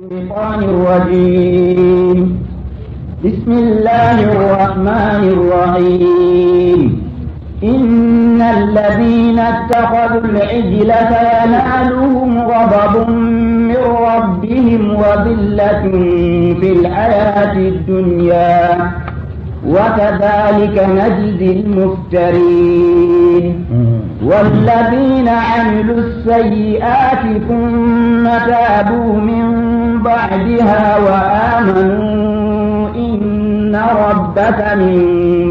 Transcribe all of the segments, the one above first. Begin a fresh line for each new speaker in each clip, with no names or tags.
الشيطان الرجيم بسم الله الرحمن الرحيم إن الذين اتخذوا العجل فينالهم غضب من ربهم وذلة في الحياة الدنيا وكذلك نجزي المفترين والذين عملوا السيئات ثم تابوا من بعدها وآمنوا إن ربك
من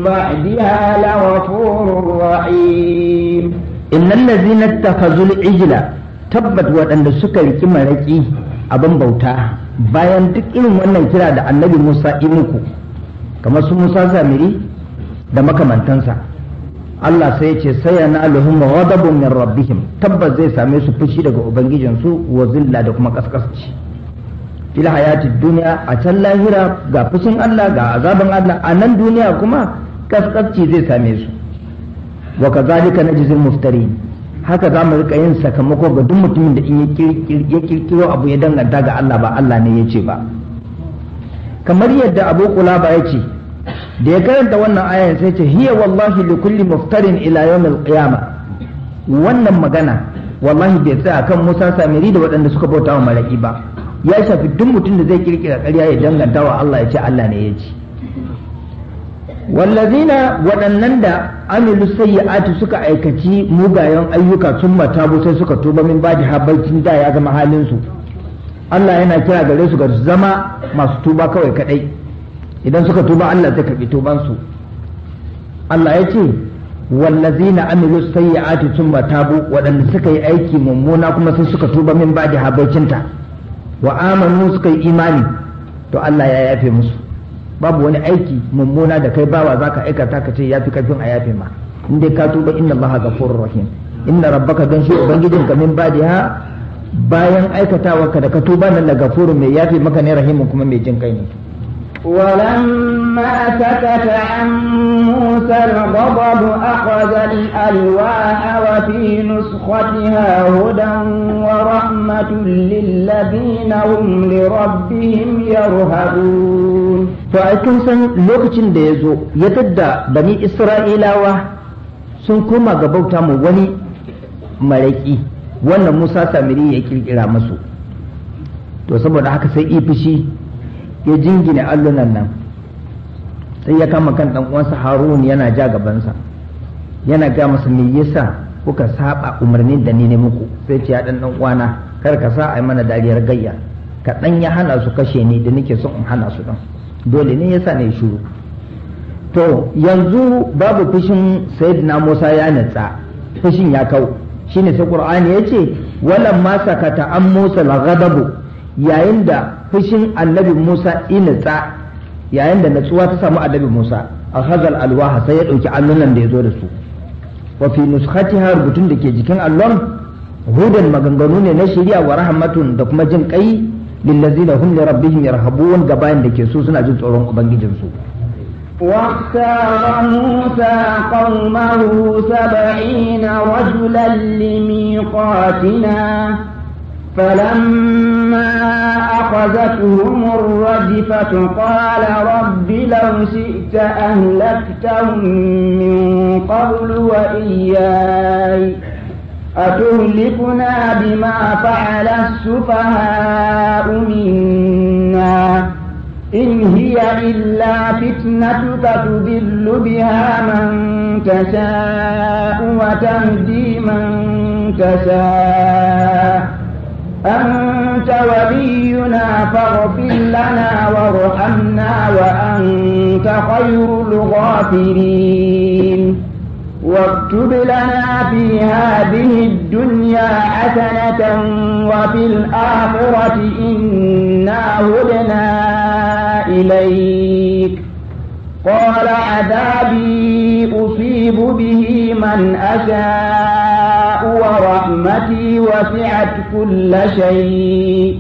بعدها لغفور رحيم إن الذين اتخذوا العجل تبت وأن السكر كما ركي أبن bayan duk irin wannan kira da annabi Musa imuku kamar su Musa Zamiri da makamantansa Allah sai ya ce sayana lahum ghadabun min rabbihim tabbas zai same su fushi daga ubangijinsu wa zilla da kuma ƙasƙasci fil hayati duniya a can lahira ga fushin Allah ga azaban Allah a nan duniya kuma kaskasci zai same su wa kazalika najzil muftari haka za mu rika yin sakamako ga duk mutumin da in ya kirkiro abu ya danganta ga Allah ba Allah ne ya ba kamar yadda Abu Qulaba ya ce da ya karanta wannan ayan sai ce hiya wallahi li kulli muftarin ila yawmil qiyamah wannan magana wallahi bai tsaya kan Musa Samiri da waɗanda suka bauta wa malaki ba ya shafi duk mutum da zai kirkira ƙarya ya danganta wa Allah ya ce Allah ne ya ce wallazina waɗannan da amilu sayyi'ati suka aikaci mugayen ayyuka sun matabu sai suka tuba min baji habbacin da ya zama halin su Allah yana kira gare su ga zama masu tuba kawai kadai idan suka tuba Allah zai karbi tuban su Allah ya ce wallazina amilu sayyi'ati sun matabu waɗanda suka yi aiki mummuna kuma sai suka tuba min baji habbacinta ta wa amanu suka yi imani to Allah ya yafe musu babu wani aiki mummuna da kai bawa zaka aikata ka ce yafi kafin a yafe ma in dai ka tuba inna Allah ghafurur rahim inna rabbaka dan shi ubangijin ka min badiha bayan aikatawa ka da ka tuba nan da gafurun mai yafe maka ne rahimun kuma mai jin kai ne
ولما سكت عن موسى الغضب أخذ الألواح وفي
نسختها هدى ورحمة للذين هم
لربهم يرهبون فأيكم سن لوكتين ديزو يتدى بني إسرائيل و koma ga مولي ملكي وانا موسى سامري يكيل إلى مسو kirkira masu to saboda ya jingina allunan nan sai ya kama kan dan uwansa harun yana ja gabansa yana ga masa me yasa kuka saba umarni da ni ne muku sai ce ya dan dan uwana kar ka sa ai mana dariyar gayya ka dan ya hana su kashe ni da nake son in hana su dan dole ne yasa ne shiru to yanzu babu fushin sayyidina Musa ya natsa fushin ya kau shine sai Qur'ani yace walamma sakata an Musa lagadabu yayin da fushin annabi Musa inatsa yayin da natsuwa ta samu annabi Musa a akhazal alwaha sai ya ɗauki allunan da ya zo da su wa fi nuskhatiha rubutun da ke jikin allon hudan maganganu ne na shari'a wa rahmatun da kuma jin kai lillazina hum li rabbihim yarhabun gabayin da ke so suna jin tsoron ubangijinsu
واختار موسى قومه سبعين رجلا لميقاتنا فلما أخذتهم الرجفة قال رب لو شئت أهلكتهم من قبل وإياي أتهلكنا بما فعل السفهاء منا إن هي إلا فتنتك تضل بها من تشاء وتهدي من تشاء أنت ولينا فاغفر لنا وارحمنا وأنت خير الغافرين واكتب لنا في هذه الدنيا حسنة وفي الآخرة إنا هدنا إليك قال عذابي أصيب به من أشاء ورحمتي وسعت كل شيء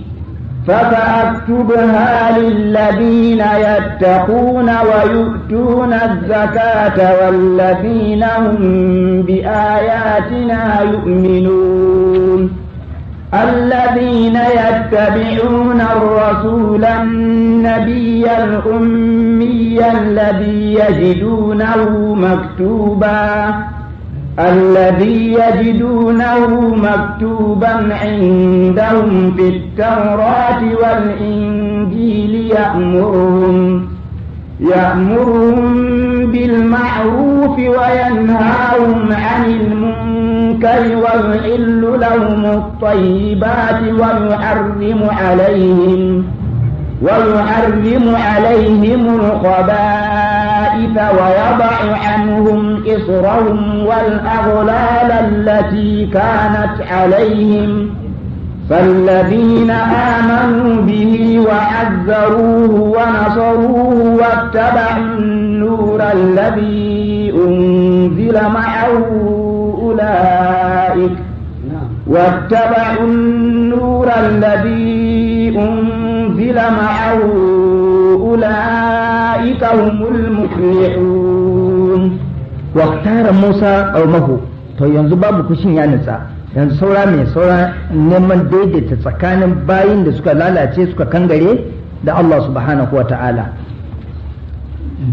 فسأكتبها للذين يتقون ويؤتون الزكاة والذين هم بآياتنا يؤمنون الذين يتبعون الرسول النبي الأمي الذي يجدونه مكتوبا الذي يجدونه مكتوبا عندهم في التوراة والإنجيل يأمرهم يأمرهم بالمعروف وينهاهم عن المنكر كي ويحل لهم الطيبات ويحرم عليهم ويحرم عليهم الخبائث ويضع عنهم إصرهم والأغلال التي كانت عليهم فالذين آمنوا به وعذروه ونصروه واتبعوا النور الذي أنزل معه أولئك واتبعوا النور الذي أنزل معه أولئك هم
المفلحون واختار موسى قومه to yanzu babu kushin ya nutsa yanzu saura mai saura neman daidaita tsakanin bayin da suka lalace suka kangare da Allah subhanahu wa ta'ala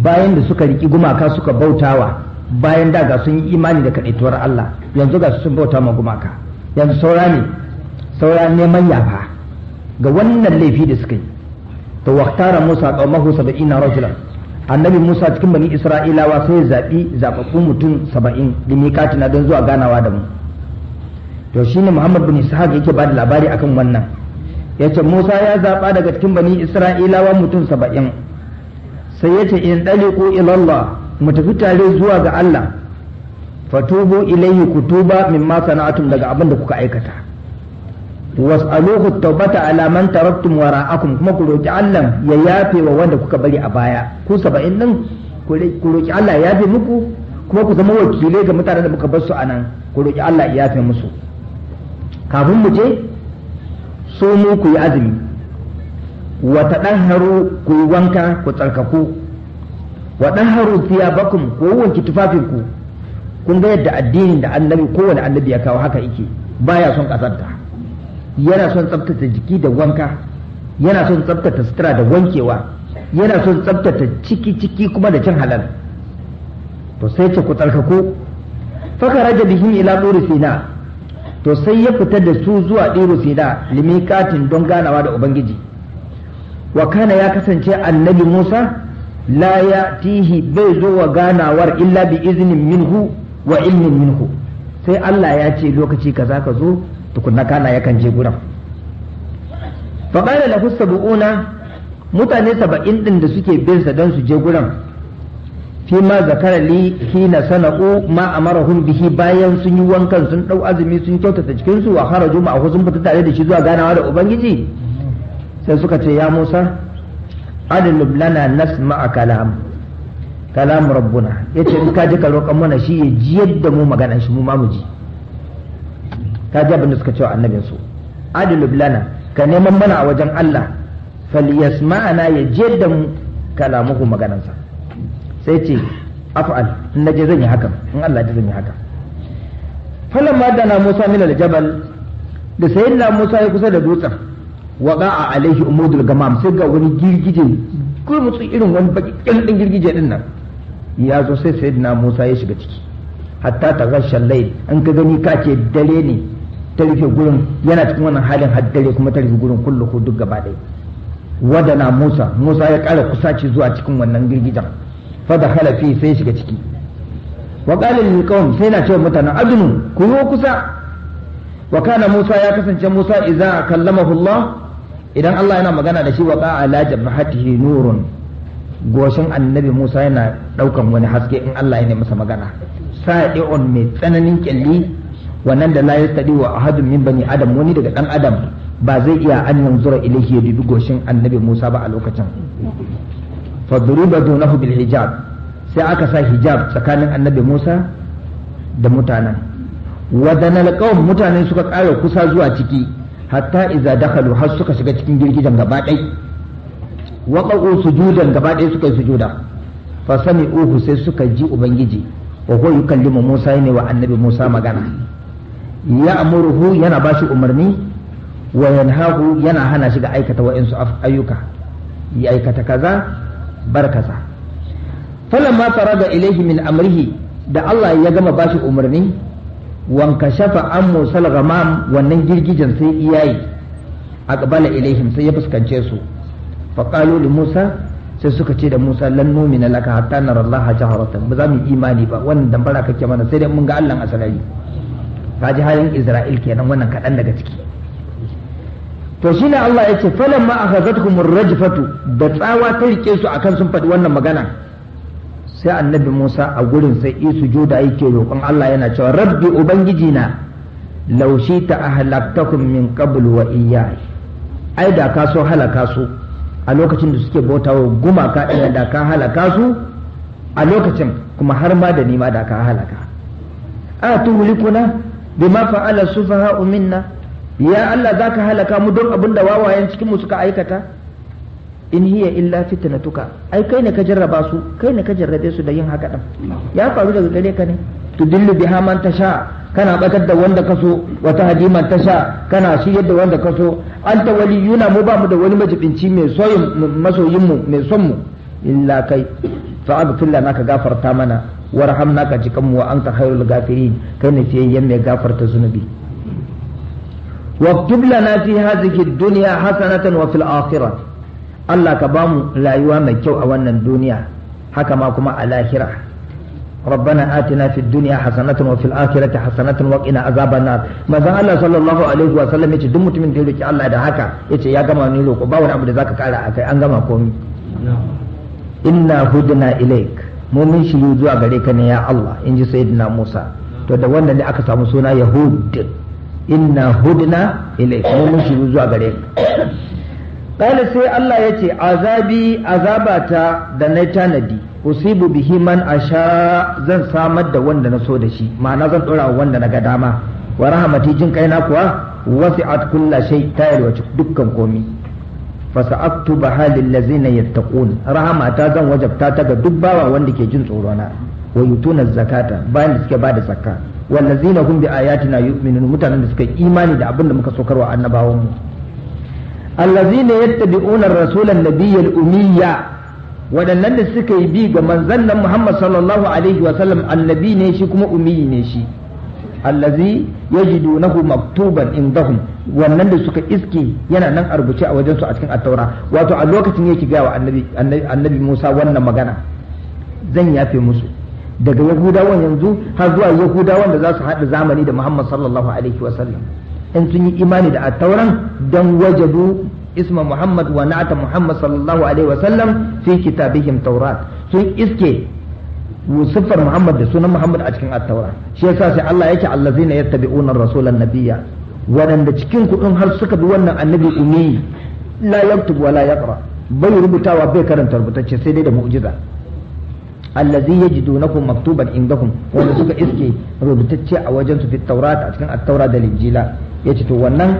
bayan da suka riki gumaka suka bautawa bayan da ga sun yi imani da kaɗaituwar Allah yanzu ga sun bauta ma gumaka yanzu saura ne saura neman yafa ga wannan laifi da suka yi to waqtara Musa qaumahu 70 rajulan annabi Musa cikin bani Isra'ilawa sai zabi zababbun mutum 70 limikati na don zuwa ganawa da mu to shine Muhammad bin Ishaq yake ba da labari akan wannan yace Musa ya zaba daga cikin bani Isra'ilawa mutum 70 sai yace in daliku ila Allah mu tafi tare zuwa ga Allah fatubu ilayhi kutuba mimma sana'atum daga abin da kuka aikata was'aluhu tawbata ala man taraktum wara'akum kuma ku roki Allah ya yafe wa wanda kuka bari a baya ku saba'in nan ku roki Allah ya yafe muku kuma ku zama wakilai ga mutanen da muka bar su anan ku roki Allah ya yafe musu kafin mu je so mu ku yi azumi wa tadahharu ku yi wanka ku tsarkaku wa daharu ya ko wanki tufafinku kun ga yadda addinin da annabi kowane annabi ya kawo haka yake baya son kasanta yana son tsabtata jiki da wanka yana son tsabtata sutura da wankewa yana son tsabtata ciki ciki kuma da cin halal to sai ce ku tsarkako fakaraja bihi ila turi sina to sai ya fita da su zuwa ɗiru sina limikatin don ganawa da ubangiji wa kana ya kasance annabi musa la يأتيه bai zo wa ganawar illa bi iznin minhu wa ilmin يأتي sai Allah ya ce lokaci kaza ka zo فقال له yakan je gurin da mutane saba'in din da suke bin sa dan su je gurin fi ma zakara li hina sana'u ma amarahum bihi bayan sun yi wankan sun dau azumi sun kyautata cikin su wa kharaju ma'ahu sun fita tare da shi zuwa ganawa da ubangiji sai suka ce ya Musa adlub lana nasma'a kalam kalam rabbuna yace in ka ji ka roƙan mana shi ya ji yadda mu magana shi mu ma mu ji ka ji abin da suka cewa annabin su adlub lana ka neman mana a wajen Allah falyasma'ana ya ji yadda mu kalamuhu maganansa sai ce af'al in naje zan yi hakan in Allah ya zan yi hakan falamma dana Musa min al-jabal da sayyidina Musa ya kusa da dutsen a alaihi umudul gamam sai ga wani girgije gurmutsu irin wani baki ɗin girgije din nan ya zo sai sayyidina Musa ya shiga ciki hatta ta rashin layl an ka gani ka dare ne ta rufe gurin yana cikin wannan halin har dare kuma ta rufe gurin kullu ko duk gaba ɗaya wadana Musa Musa ya ƙara kusaci zuwa cikin wannan girgijan fa da halafi sai shiga ciki wa qala lil sai na cewa mutanen adunu ku yi kusa wa kana Musa ya kasance Musa idza kallamahu Allah idan Allah yana magana da shi wa ka ala jabhatihi nurun goshin annabi Musa yana daukan wani haske in Allah ya yana masa magana sa'i'un mai tsananin kyalli wannan da la yastadi wa ahadun min bani adam wani daga dan adam ba zai iya an yanzura ilahi ya dubi goshin annabi Musa ba a lokacin fa duriba dunahu bil hijab sai aka sa hijab tsakanin annabi Musa da mutanen wadannan alqawm mutane suka kare kusa zuwa ciki hatta iza dakhalu har suka shiga cikin girgijen gaba ɗai waƙa'u sujudan gaba ɗai suka yi sujuda fa uku sai suka ji ubangiji wa huwa yukallimu Musa ne wa annabi Musa magana ya amuruhu yana bashi umarni wa yanhahu yana hana shi ga aikata wa'insu ayyuka ya aikata kaza bar kaza falamma faraga ilaihi min amrihi da Allah ya gama bashi umarni wanka shafa an musal ghamam wannan girgijen sai iyayi aqbala ilaihim sai ya fuskance su faqalu li musa sai suka ce da musa lan numina laka hatta nara allah jaharatan ba za mu imani ba wannan dambara kake mana sai dai mun ga allah asalari ka ji halin isra'il kenan wannan kaɗan daga ciki to shi ne allah ya ce falamma akhazatkum ku rajfatu da tsawa ta rike su akan sun faɗi wannan magana sai annabi Musa a gurin sai isu juda yake roƙon Allah yana cewa rabbi ubangiji na laushi ta ahlaktakum min qabl wa iyyai ai da ka so halaka su a lokacin da suke bautawa gumaka ina da ka halaka su a lokacin kuma har ma da nima da ka halaka a tuhlikuna bima fa'ala sufaha'u minna ya Allah zaka halaka mu don abinda wawayen cikin mu suka aikata in hiya illa tuka ai kai ne ka jarraba su kai ne ka jarrabe su da yin haka din ya faru daga gare ka ne tudillu biha man tasha kana batar da wanda ka so wa tasha kana shiryar da wanda ka so anta waliyuna mu ba mu da wani majibinci mai soyin masoyin mu mai son mu illa kai fa abkil lana ka gafarta mana warhamna ka jikan mu wa anta khairul gafirin kai ne fiyayyen mai gafarta zunubi واكتب لنا في هذه hasanatan حسنة وفي الآخرة Allah ka ba mu rayuwa mai kyau a wannan duniya haka ma kuma a lahira ربنا آتنا في الدنيا حسنة وفي الآخرة حسنة وقنا عذاب النار ما زال الله صلى الله عليه وسلم يجي دم متمن دي روكي الله ده هكا يجي يا جماعة نيلو كو باون أبو ذاك كارا أكاي أن جماعة كومي إنا هدنا إليك مؤمن شيو زوا غريك يا الله إنجي سيدنا موسى to da wannan ne aka samu suna yahud inna hudna ilai mun shi zuwa gare ƙala sai Allah ya ce azabi azabata da na tanadi usibu bihi man asha zan samar da wanda na so da shi ma'ana zan ɗora wanda na ga dama wa rahamati jin kaina kuwa a kulla shai ta yalwace dukkan komi fasa'aktuba halil ladzina yattaqun rahamata zan wajabta ta ga duk bawa wanda ke jin tsoro na wa yutuna zakata bayan da suke bada zakka wallazina kun bi ayatina yu'minun mutanen da suka imani da abin da muka sokarwa annabawan mu allazina yattabi'una ar rasul an-nabiyya umiyya wadannan da suka yi bi ga manzon nan Muhammad sallallahu alaihi wa sallam annabi ne shi kuma umiyyi ne shi allazi yajidunahu maktuban indahum wannan da suka iske yana nan a rubuce a a cikin attaura wato a lokacin yake ga wa annabi annabi Musa wannan magana zan yafe musu daga yahudawan yanzu har zuwa yahudawan da za su haɗa zamani da Muhammad sallallahu alaihi wa sallam in sun yi imani da attauran don wajabu isma muhammad wa na'ata muhammad sallallahu alaihi wasallam fi kitabihim taurat sun iske siffar muhammad da sunan muhammad a cikin attaura shi yasa sai Allah yake allazina yattabi'una rasulan nabiyya wadanda cikin ku in har suka bi wannan annabi umi la yaktubu wa la yaqra bai rubutawa bai karanta rubutacce sai dai da mu'jiza allazi yajidunakum maktuban indahum wanda suka iske rubutacce a wajen su fi a cikin attaura taura da injila yace to wannan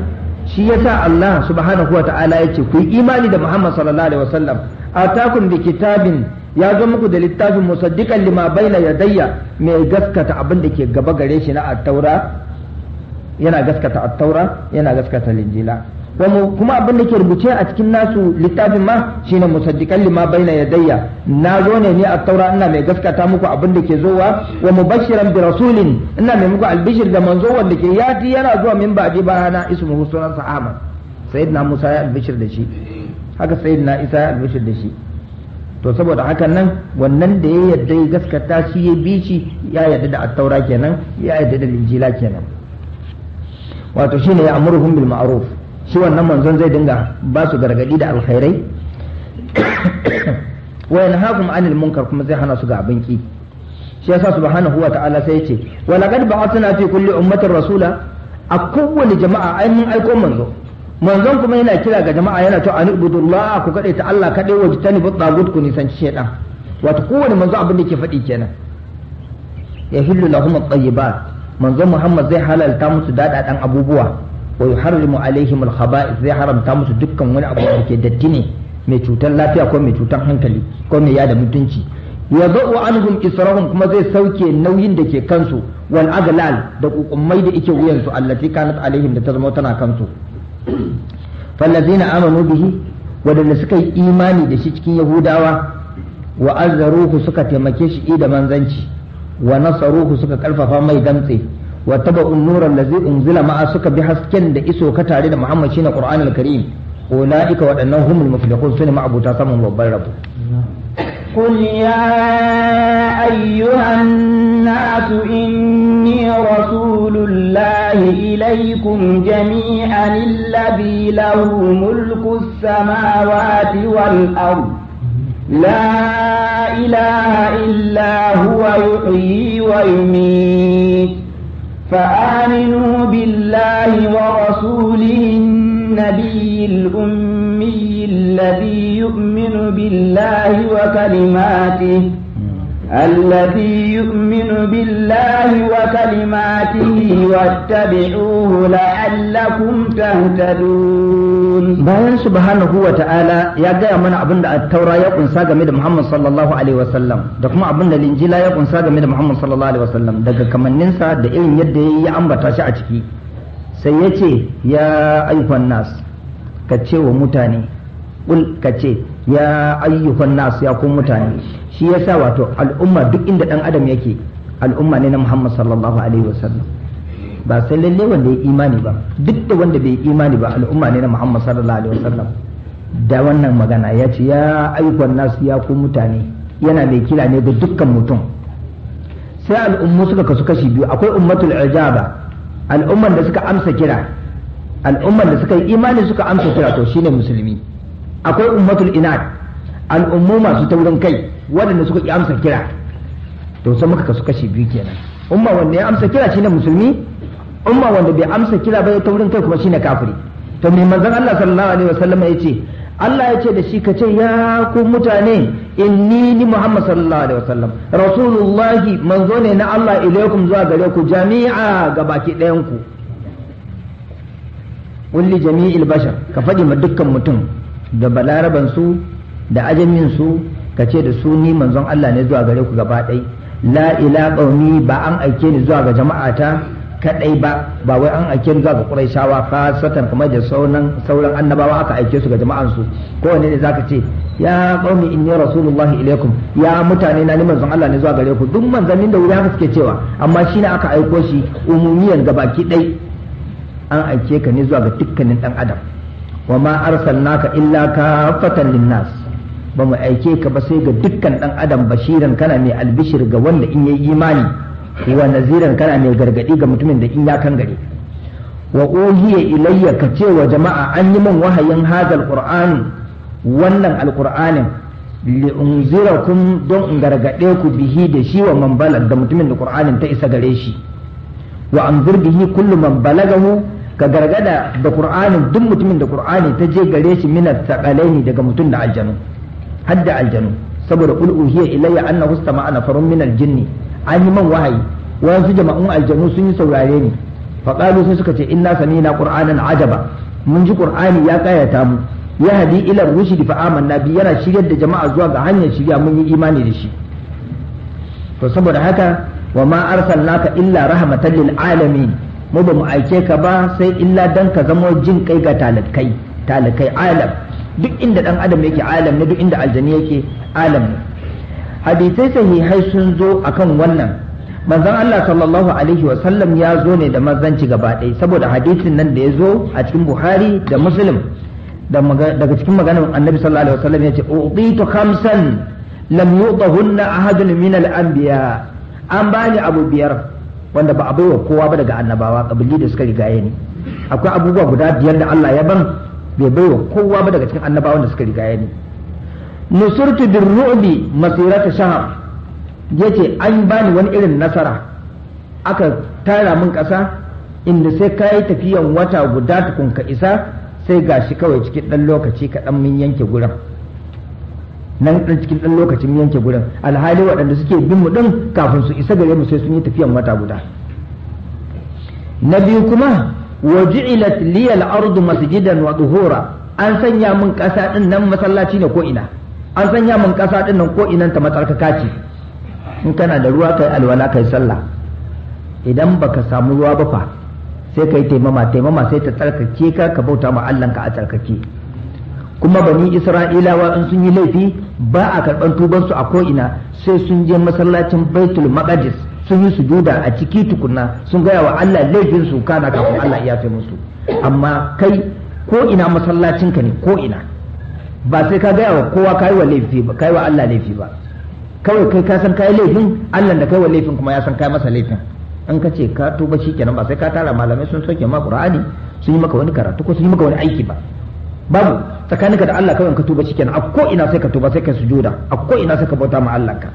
shi yasa Allah subhanahu wa ta'ala yace ku imani da Muhammad sallallahu alaihi wasallam atakum bi kitabin ya zo muku da littafin musaddiqan lima baina yadayya mai gaskata abin da ke gaba gare shi na at-taura yana gaskata at yana gaskata injila kuma abin da ke rubuce a cikin nasu littafin ma shine musaddiqan lima baina yadayya na zo ne ni a taura ina mai gaskata muku abin da ke zowa wa mubashiran bi rasulin ina mai muku albishir da manzo wanda ke yati yana zuwa min ba'di bayana ismuhu sunan sa Ahmad sayyidina Musa ya albishir da shi haka sayyidina Isa ya albishir da shi to saboda haka nan wannan da ya yarda ya gaskata shi ya bi shi ya yarda da at-taura kenan ya yarda da injila kenan wato shine ya amuruhum bil ma'ruf shi wannan manzon zai dinga ba su gargadi da alkhairai wa yanhahum anil munkar kuma zai hana su ga abin ki shi yasa subhanahu wa ta'ala sai yace wa laqad ba'athna fi kulli ummatin rasula a kowane jama'a ai mun aiko manzo manzon kuma yana kira ga jama'a yana to anibudullah ku kade ta Allah kade wa jitani bi tagut ku nisanci shedan wato kowane manzo abin da ke faɗi kenan ya hillu lahum at-tayyibat manzon Muhammad zai halalta musu dadadan abubuwa wa yuharrimu alaihim alkhaba'ith zai haramta musu dukkan wani abu da ke datti ne mai cutar lafiya ko mai cutar hankali ko mai yada mutunci ya za'u anhum israhum kuma zai sauke nauyin da ke kansu wal aglal da ƙuƙummai da yake wuyansu su allati kanat da ta zama tana kansu Falasina amanu bihi wadanda suka yi imani da shi cikin yahudawa wa azzaruhu suka taimake shi da manzanci wa nasaruhu suka karfafa mai damtse واتبعوا النور الذي أنزل معه سكا بحسكن دا إسو كتاري دا محمد شين القرآن الكريم أولئك وأنهم هم المفلحون سنة أبو تاسم وبرب
قل يا أيها الناس إني رسول الله إليكم جميعا الذي له ملك السماوات والأرض لا إله إلا هو يحيي ويميت فآمنوا بالله ورسوله النبي الأمي الذي يؤمن بالله وكلماته الذي يؤمن بالله وكلماته واتبعوه
لعلكم تهتدون bayan subhanahu wa ta'ala ya gaya mana abin da attaura ya kunsa game da Muhammad sallallahu da kuma abin da linjila ya kunsa game da Muhammad sallallahu alaihi wasallam daga kamanninsa da irin yadda ya yi ambata shi a ciki sai ya ce ya ayyukan nas kace wa mutane kul ya ayyukan nas ya kuma mutane shi ya sa wato al'umma duk inda dan adam yake al'umma ne na Muhammad sallallahu alaihi wasallam ba sai lalle wanda ya imani ba duk da wanda bai imani ba al'umma ne na Muhammad sallallahu alaihi wasallam da wannan magana ya ce ya ayyukan nas ya kuma mutane yana mai kira ne ga dukkan mutum sai al'ummu suka kasu kashi biyu akwai ummatul ijaba al'umman da suka amsa kira al'umman da suka yi imani suka amsa kira to shine musulmi akwai ummatul inad al'ummu masu taurin kai waɗanda suka ki amsa kira to sai muka kasu kashi biyu kenan umma wanda ya amsa kira shine musulmi umma wanda bai amsa kira ba ya taurin kai kuma shine kafiri to mai manzon Allah sallallahu alaihi wasallam ce Allah ya ce da shi ka ce ya ku mutane inni ni Muhammad sallallahu alaihi wasallam rasulullahi manzo ne na Allah ilaikum zuwa gare ku jami'a ga baki ɗayan ku kulli jami'il bashar ka faɗi ma dukkan mutum da balaraban su da ajamin su ka ce da su ni manzon Allah ne zuwa gare ku gaba ɗai la ila qaumi ba an aike ni zuwa ga jama'ata kadai ba ba wai an aike ni zuwa ga quraishawa satan kamar da sauran sauran annabawa aka aike su ga jama'an su kowane ne zaka ce ya qaumi inni rasulullahi ilaikum ya mutane na ni manzon Allah ne zuwa gare ku duk manzannin da wuri haka suke cewa amma shi ne aka aiko shi umumiyan gabaki ɗai an aike ka ne zuwa ga dukkanin dan adam wa ma arsalnaka illa kafatan linnas ba mu aike ka ba sai ga dukkan dan adam bashiran kana mai albishir ga wanda in yayi imani wa naziran kana mai gargadi ga mutumin da in ya kan gare wa uhiya ilayya ka ce wa jama'a an yi min wahayin hadal qur'ani wannan alqur'anin li unzirakum don in gargade ku bihi da shi wa man balag mutumin da qur'anin ta isa gare shi wa an bihi kullum man balagahu ka gargada da qur'anin duk mutumin da qur'ani ta je gare shi minat saqalaini daga mutum da aljanu hadda aljanu saboda qul uhiya ilayya annahu istama'a nafarun min aljinni an yi man wahayi wasu jama'un aljanu sun yi saurare ni fa qalu sai suka ce inna samina qur'anan ajaba mun ji qur'ani ya kayata mu ya hadi ila rushdi fa amanna bi yana shiryar da jama'a zuwa ga hanyar shirya mun yi imani da shi to saboda haka wa ma arsalnaka illa rahmatan lil alamin mu ba mu aike ka ba sai illa dan ka zama jin kai ga talakai talakai alam duk inda dan adam yake alam ne duk inda aljani yake alam ne hadisai sahihai sun zo akan wannan manzon Allah sallallahu alaihi wa sallam ya zo ne da manzanci gaba ɗaya saboda hadisin nan da ya zo a cikin Buhari da Muslim daga cikin maganar Annabi sallallahu alaihi wa sallam ya ce utitu khamsan lam yutahunna ahadun min al-anbiya an bani abu biyar wanda ba a baiwa kowa ba daga annabawa kabili da suka rigaye ni akwai abubuwa guda biyar da Allah ya ban bai baiwa kowa ba daga cikin annabawan da suka rigaye ni nusurtu birru'bi masirata shahar yace an bani wani irin nasara aka tara min kasa inda sai ka tafiyan wata guda tukun ka isa sai gashi kawai cikin ɗan lokaci kaɗan mun yanke gurin nan ɗan cikin ɗan lokacin yanke gudan, alhali waɗanda suke bin mu ɗin, kafin su isa gare mu sai sun yi tafiyan wata guda na biyu kuma wa ju'ilat li al-ardu masjidan wa tuhura an sanya min ƙasa ɗin nan masallaci ne ko ina an sanya min ƙasa ɗin nan ko ina ta matsarkaka ce in kana da ruwa kai alwala kai sallah idan baka samu ruwa ba fa sai kai taimama taimama sai ta tsarkake ka ka bauta ma Allah ka a tsarkake kuma bani isra'ilawa in sun yi laifi ba a karɓar tubansu a ko'ina sai sun je masallacin baitul maqdis sun yi sujuda a ciki tukunna sun gaya wa Allah laifin su kana kafin Allah ya fi musu amma kai ko ina masallacin ka ne ko ina ba sai ka gaya wa kowa kai wa laifi ba kai wa Allah laifi ba kawai kai ka san kai laifin Allah da kai wa laifin kuma ya san kai masa laifin in ka ce ka tuba shikenan ba sai ka tara malamai sun soke ma Qur'ani sun yi maka wani karatu ko sun yi maka wani aiki ba babu tsakaninka da Allah kawai ka tuba kenan a ko ina sai ka tuba sai ka sujuda a ko ina sai ka bauta ma Allah ka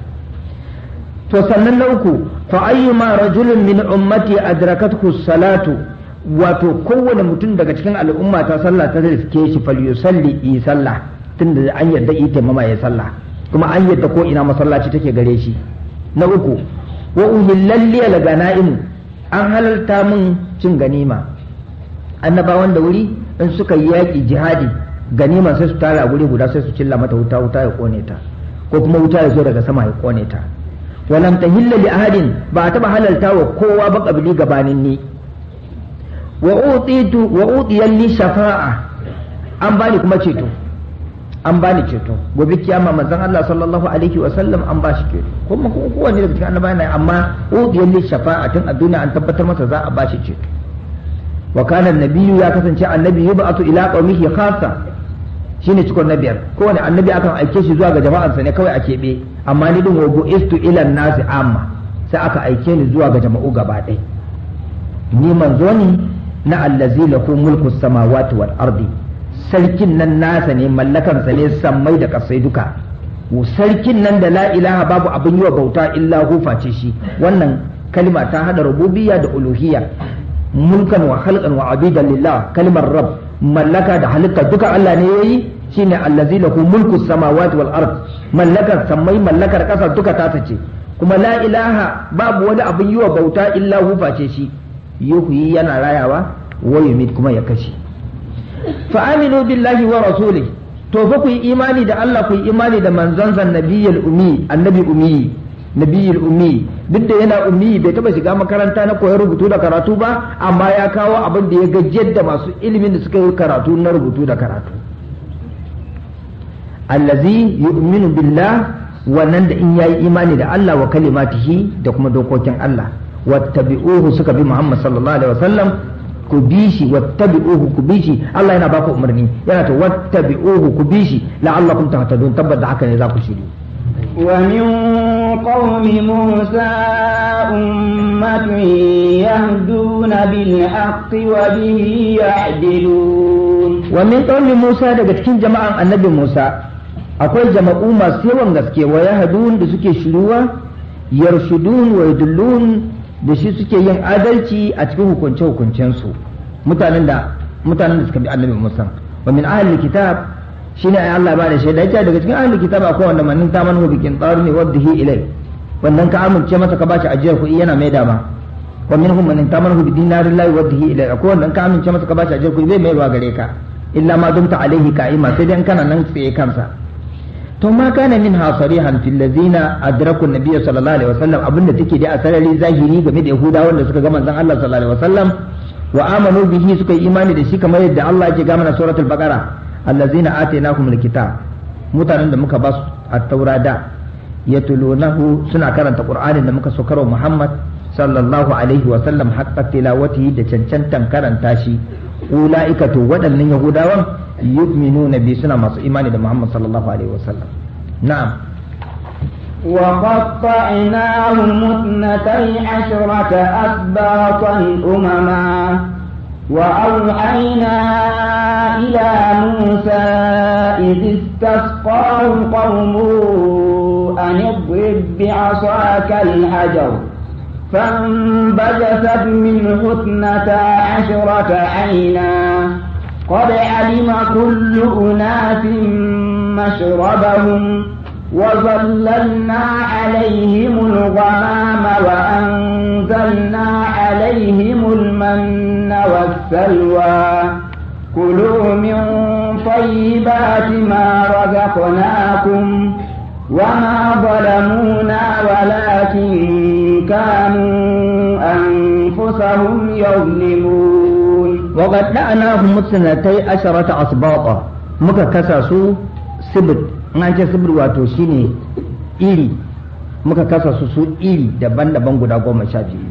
to sannan na uku fa ayyuma rajulun min ummati adrakathu salatu wato kowane mutum daga cikin al'umma ta sallah ta riske shi yusalli yi sallah tunda an yarda ita mama ya sallah kuma an yarda ko ina masallaci take gare shi na uku wa uhillalli al ganaim an halalta min cin ganima annabawan da wuri in suka yi yaƙi jihadi ganima sai su tara a guri guda sai su cilla mata wuta wuta ya kone ta ko kuma wuta ya zo daga sama ya kone ta walam tahilla li ahadin ba a taba halalta wa kowa ba kabili gabanin ni wa utitu wa utiya li shafa'a an bani kuma ceto an bani ceto gobe kiyama manzon Allah sallallahu alaihi wa sallam an ba shi ceto kuma ne daga cikin annabawa amma utiya li shafa'a tun a duniya an tabbatar masa za a ba shi ceto wa kana nabiyyu ya kasance annabi yub'atu ila qaumihi khassa shine cikon na biyar kowane annabi akan aike shi zuwa ga sa ne kawai a keɓe amma ni din wago istu ila nasi amma sai aka aike ni zuwa ga jama'u gaba ɗaya ni manzo na allazi lahu mulku samawati wal ardi sarkin nan nasa ne mallakansa ne mai da kasai duka sarkin nan da la ilaha babu abin yi wa bauta illa hufa ce shi wannan kalima ta haɗa rububiya da uluhiya. mulkan wa khalqan wa abidan lillah kalmar rabb mallaka da halitta duka Allah ne yayi shine allazi lahu mulku samawati wal ard mallakar samai mallakar kasa duka ta sace kuma la ilaha babu wani abin yi wa bauta illa hu face shi yuhyi yana rayawa wa yumit kuma ya kashe fa aminu billahi wa rasuli to fa ku yi imani da Allah ku yi imani da manzon sa nabiyul ummi annabi ummi nabiyul ummi duk da yana ummi bai taba shiga makaranta na koyar rubutu da karatu ba amma ya kawo abin da ya gajiyar da masu ilimin da suka yi karatu na rubutu da karatu allazi yu'minu billah wannan da in yayi imani da Allah wa kalimatihi da kuma dokokin Allah wattabi'uhu suka bi Muhammad sallallahu alaihi wasallam ku bi shi wattabi'uhu ku bi shi Allah yana baka umarni yana to wattabi'uhu ku bi shi la'allakum tahtadun tabbata haka ne za ku shiru
ومن قوم موسى
musa daga cikin jama'an annabi Musa akwai jama'u masu yawan gaske wa yahdun da suke shiruwa yarshudun wa yadullun da shi suke yin adalci a cikin hukunce hukuncen su mutanen da mutanen da suka bi annabi Musa wa min ahli kitab shine ai Allah ba da shaida yake daga cikin ahlul kitab ko wanda manin ta manhu ne wadda wadhihi ilai wannan ka amince masa ka bashi ajiyar kuɗi yana mai dama wa minhum man tamanhu bi dinarin la yuwadhihi ilai ko wannan ka amince masa ka bashi ajiyar kuɗi zai mai ruwa gare ka illa ma dumta alaihi ka'ima sai dai kana nan tsaye kansa to ma kana min hasarihan fil ladina adraku nabiyyu sallallahu alaihi wasallam abinda take da asarari zahiri game da yahuda wanda suka ga manzon Allah sallallahu alaihi wasallam wa amanu bihi suka yi imani da shi kamar yadda Allah yake ga mana suratul baqara allazina atainahum alkitab mutanen da muka ba su at-taura da yatulunahu suna karanta qur'anin da muka saukarwa muhammad sallallahu alaihi wa sallam haqqa tilawatihi da cancantan karanta shi ulaika to waɗannan yahudawan yu'minuna bi suna masu imani da muhammad sallallahu alaihi wa sallam na'am
وقطعناهم اثنتي عشرة أسباطا أمما وأوحينا إلى موسى إذ استسقاه قومه أن اضرب بعصاك الحجر فانبجست منه اثنتا عشرة عينا قد علم كل أناس مشربهم وظللنا عليهم الغمام وأنزلنا عليهم المن والسلوى كلوا من طيبات ما رزقناكم وما ظلمونا ولكن كانوا أنفسهم يظلمون
وقد لعناهم اثنتي عشرة أسباطا مكا كساسو سبت in an ce sabir wato shine iri muka kasa su su iri daban-daban guda goma sha biyu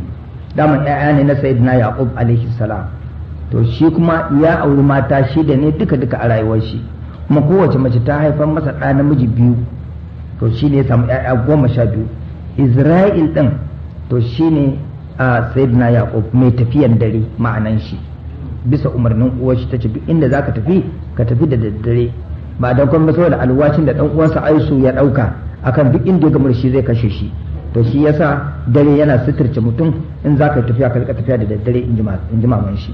daman ɗaya ne na sayyidina yaƙub alaihi salam to shi kuma ya auri mata shida ne duka-duka a rayuwar shi kuma kowace mace ta haifar masa ɗa namiji biyu to shi ne ya samu ‘ya'ya goma sha biyu isra'il ɗin to shi ne a sayyidina yaƙub mai tafiyan dare ma'anan shi bisa umarnin uwar shi ta ce duk inda za ka tafi ka tafi da daddare ba don kuma saboda alwashin da dan uwansa Aisu ya dauka akan duk inda ya gamar shi zai kashe shi to shi yasa dare yana suturce mutum in za ka tafiya ka tafiya da daddare in ji maman shi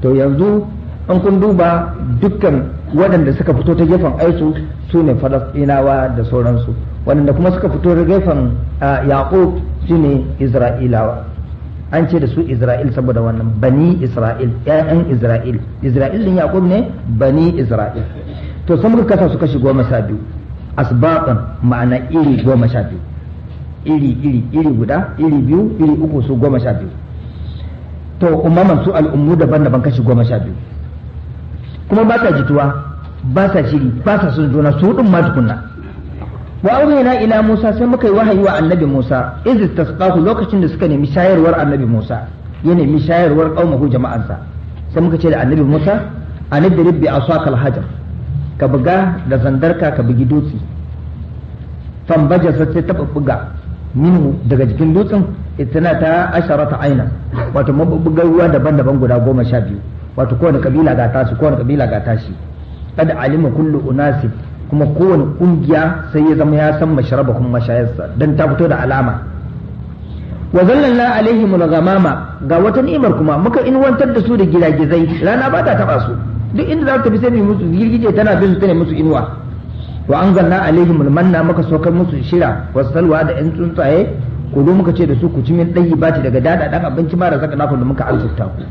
to yanzu an kun duba dukkan waɗanda suka fito ta gefen aisu su ne falasɗinawa da sauransu waɗanda kuma suka fito ta gefen yaƙub su ne isra'ilawa an ce da su isra'il saboda wannan bani isra'il 'ya'yan isra'il isra'il din yaƙub ne bani isra'il to sun muka kasa su kashi goma sha biyu asbaqan ma'ana iri goma sha biyu iri iri iri guda iri biyu iri uku su goma sha biyu to umaman su al'ummu daban-daban kashi goma sha biyu kuma ba ta jituwa ba sa shiri ba sa sun juna su hudun ma tukunna wa auhayna ila Musa sai muka yi wahayi wa annabi Musa iz tasqahu lokacin da suka nemi shayarwar annabi Musa ya nemi shayarwar qaumahu jama'arsa sai muka ce da annabi Musa anidrib ribbi asaka al-hajar ka buga da zandarka ka bugi dutse fambaja sai ta buga minhu daga jikin dutsen Itana ta asharata aina wato mabubuga ruwa daban-daban guda goma sha biyu wato kowane kabila ga tasu kowane kabila ga tashi kada alima kullu unasi kuma kowane kungiya sai ya zama ya san mashraba kuma mashayarsa dan ta fito da alama wa zallalna alaihimul ghamama ga wata ni'imar kuma muka inwantar da su da gidagizai rana ba ta taba su duk inda za ta tafi sai mai musu girgije tana bin su tana musu inuwa wa zanna alaihim almanna maka saukar musu shira wa salwa da yan tsuntsaye ku zo muka ce da su ku ci min dayi baci daga dada dan abinci mara zaka naku da muka arzuta ku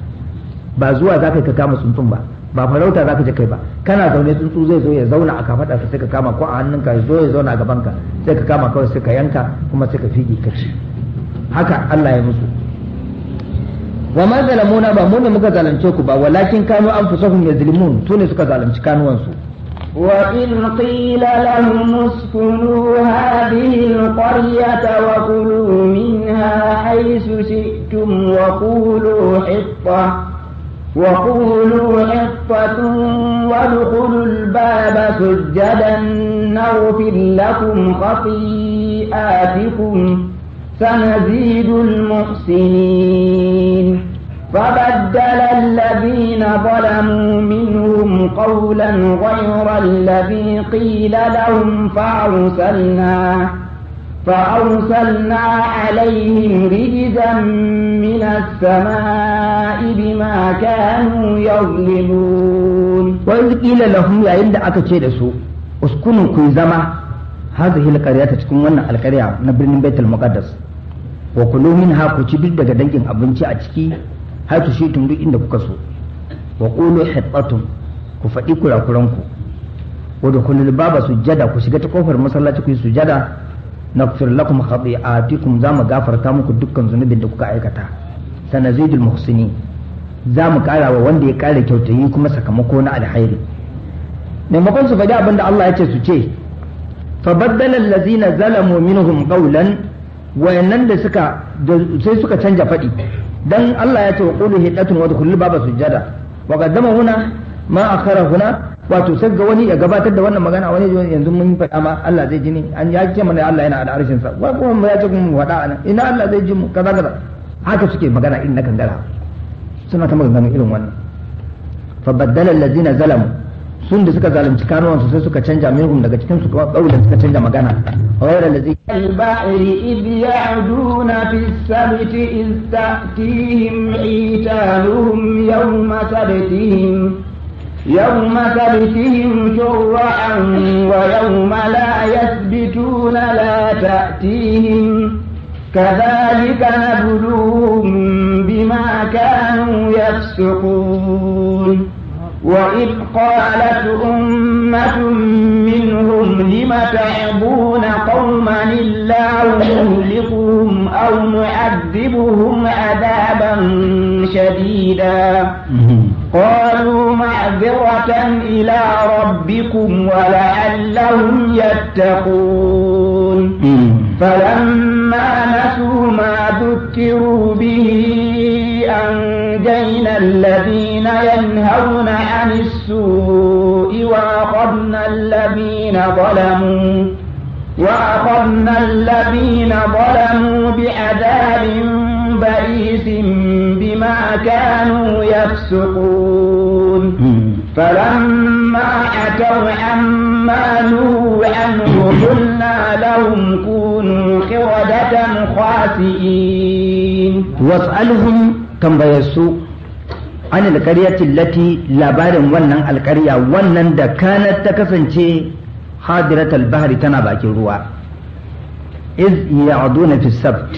ba zuwa zaka ka kama tsuntsun ba ba farauta zaka je kai ba kana zaune tsuntsu zai zo ya zauna a kafada ka sai ka kama ko a hannunka ya zo ya zauna a gaban ka sai ka kama kawai sai ka yanka kuma sai ka fige ka ci haka Allah ya musu وما ظلمونا zalamuna ba mu ne muka zalunce ku ba walakin kanu anfusahum yazlimun su ne suka
وإذ قيل لهم اسكنوا هذه القرية وكلوا منها حيث شئتم وقولوا حطة وقولوا حطة وادخلوا الباب سجدا نغفر لكم خطيئاتكم سنزيد المحسنين فبدل الذين ظلموا منهم قولا غير الذي قيل لهم فأرسلنا فأرسلنا عليهم رجزا من السماء بما
كانوا يظلمون وإذ قيل لهم يا عند أكتشير سوء اسكنوا كي زما هذه القرية تكون القرية نبرن بيت المقدس wa kulu minha ku ci duk daga dangin abinci a ciki har shi tun duk inda kuka so wa qulu hibatun ku faɗi kurakuran ku wa dukhulul baba sujada ku shiga ta kofar masallaci ku yi sujada naghfir lakum khati'atikum za mu gafarta muku dukkan zunubin da kuka aikata sanazidul muhsinin za mu kara wa wanda ya kare kyautayi kuma sakamako na alhairi maimakon su faɗi abin da Allah ya ce su ce fa baddala allazina zalamu minhum qawlan wayannan da suka sai suka canja faɗi dan Allah ya ce wa qulu hiddatun wa kullu baba sujada wa qaddama huna ma akhara huna wato sai ga wani ya gabatar da wannan magana wani yanzu mun faɗa ma Allah zai ji ni an ya ce mana Allah yana da arshin sa wa kuma ya ce mun faɗa anan ina Allah zai ji mu kaza kaza haka suke magana in na kangara suna ta magana irin wannan fa baddala allazina zalamu sun da suka zalunci su sai suka canja minhum daga cikin su kuma kaulan suka canja magana غير الذي البحر إذ يعدون
في السبت إذ تأتيهم حيتانهم يوم سبتهم يوم سبتهم شرعا ويوم لا يثبتون لا تأتيهم كذلك نبلوهم بما كانوا يفسقون وإذ قالت أمة من منهم لم تعظون قوما الله مهلكهم أو معذبهم عذابا شديدا قالوا معذرة إلى ربكم ولعلهم يتقون فلما نسوا ما ذكروا به أنجينا الذين ينهون عن السوء وأخذنا الذين ظلموا وأخذنا الذين ظلموا بعذاب بئيس بما كانوا يفسقون فلما أتوا عما نهوا عنه قلنا لهم كونوا قردة خاسئين
واسألهم tambayar su an alƙaryatin lati labarin wannan alkarya wannan da kanar ta kasance hadiratal bahari tana bakin ruwa iz ya'duna fi sabt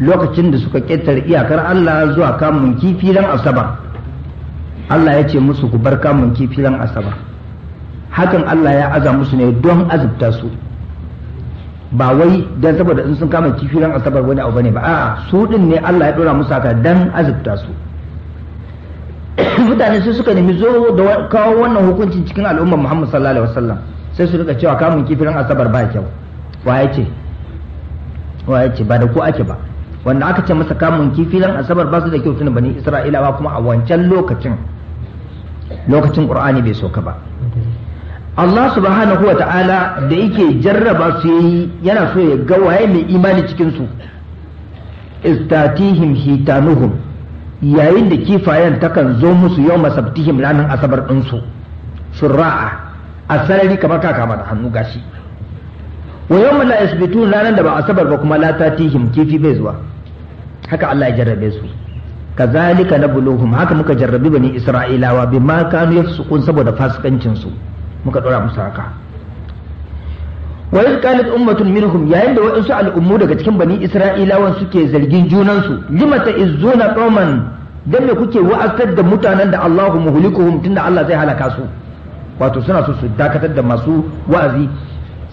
lokacin da suka ƙetare iyakar Allah zuwa kamun kifi asabar Allah ya ce musu ku bar kamun kifi asabar hakan Allah ya aza musu ne don azubta su ba wai dan saboda in sun kama kifi ran asabar wani abu bane ba a'a su din ne Allah ya dora musu haka dan azubta su mutane sai suka nemi zo da kawo wannan hukuncin cikin al'ummar Muhammad sallallahu alaihi wasallam sai su rika cewa kamun kifi ran asabar ba kyau wa yace wa yace ba da ku ake ba wanda aka ce masa kamun kifi ran asabar ba su da kyau tunan bani Isra'ilawa kuma a wancan lokacin lokacin Qur'ani bai soka ba Allah subhanahu wa ta'ala da yake jarraba su yi yana so ya ga waye mai imani cikin su istatihim hitanuhum yayin da kifayen takan zo musu yau masabtihim ranar asabar ɗinsu shurra'a a sarari kamar kaka mana hannu gashi wa yau mala isbitu ranar da ba asabar ba kuma latatihim kifi bai zuwa haka Allah ya jarrabe su kazalika na buluhum haka muka jarrabi bani isra'ilawa bi ma kanu yafsukun saboda fasikancin su muka dora musu haka wa iz qalat ummatun minhum yayin da waɗansu al'ummu daga cikin bani isra'ilawan suke zargin junan su limata izuna qauman dan me kuke wa'azar da mutanen da Allahu muhlikuhum tunda Allah zai halaka su wato suna so su dakatar da masu wa'azi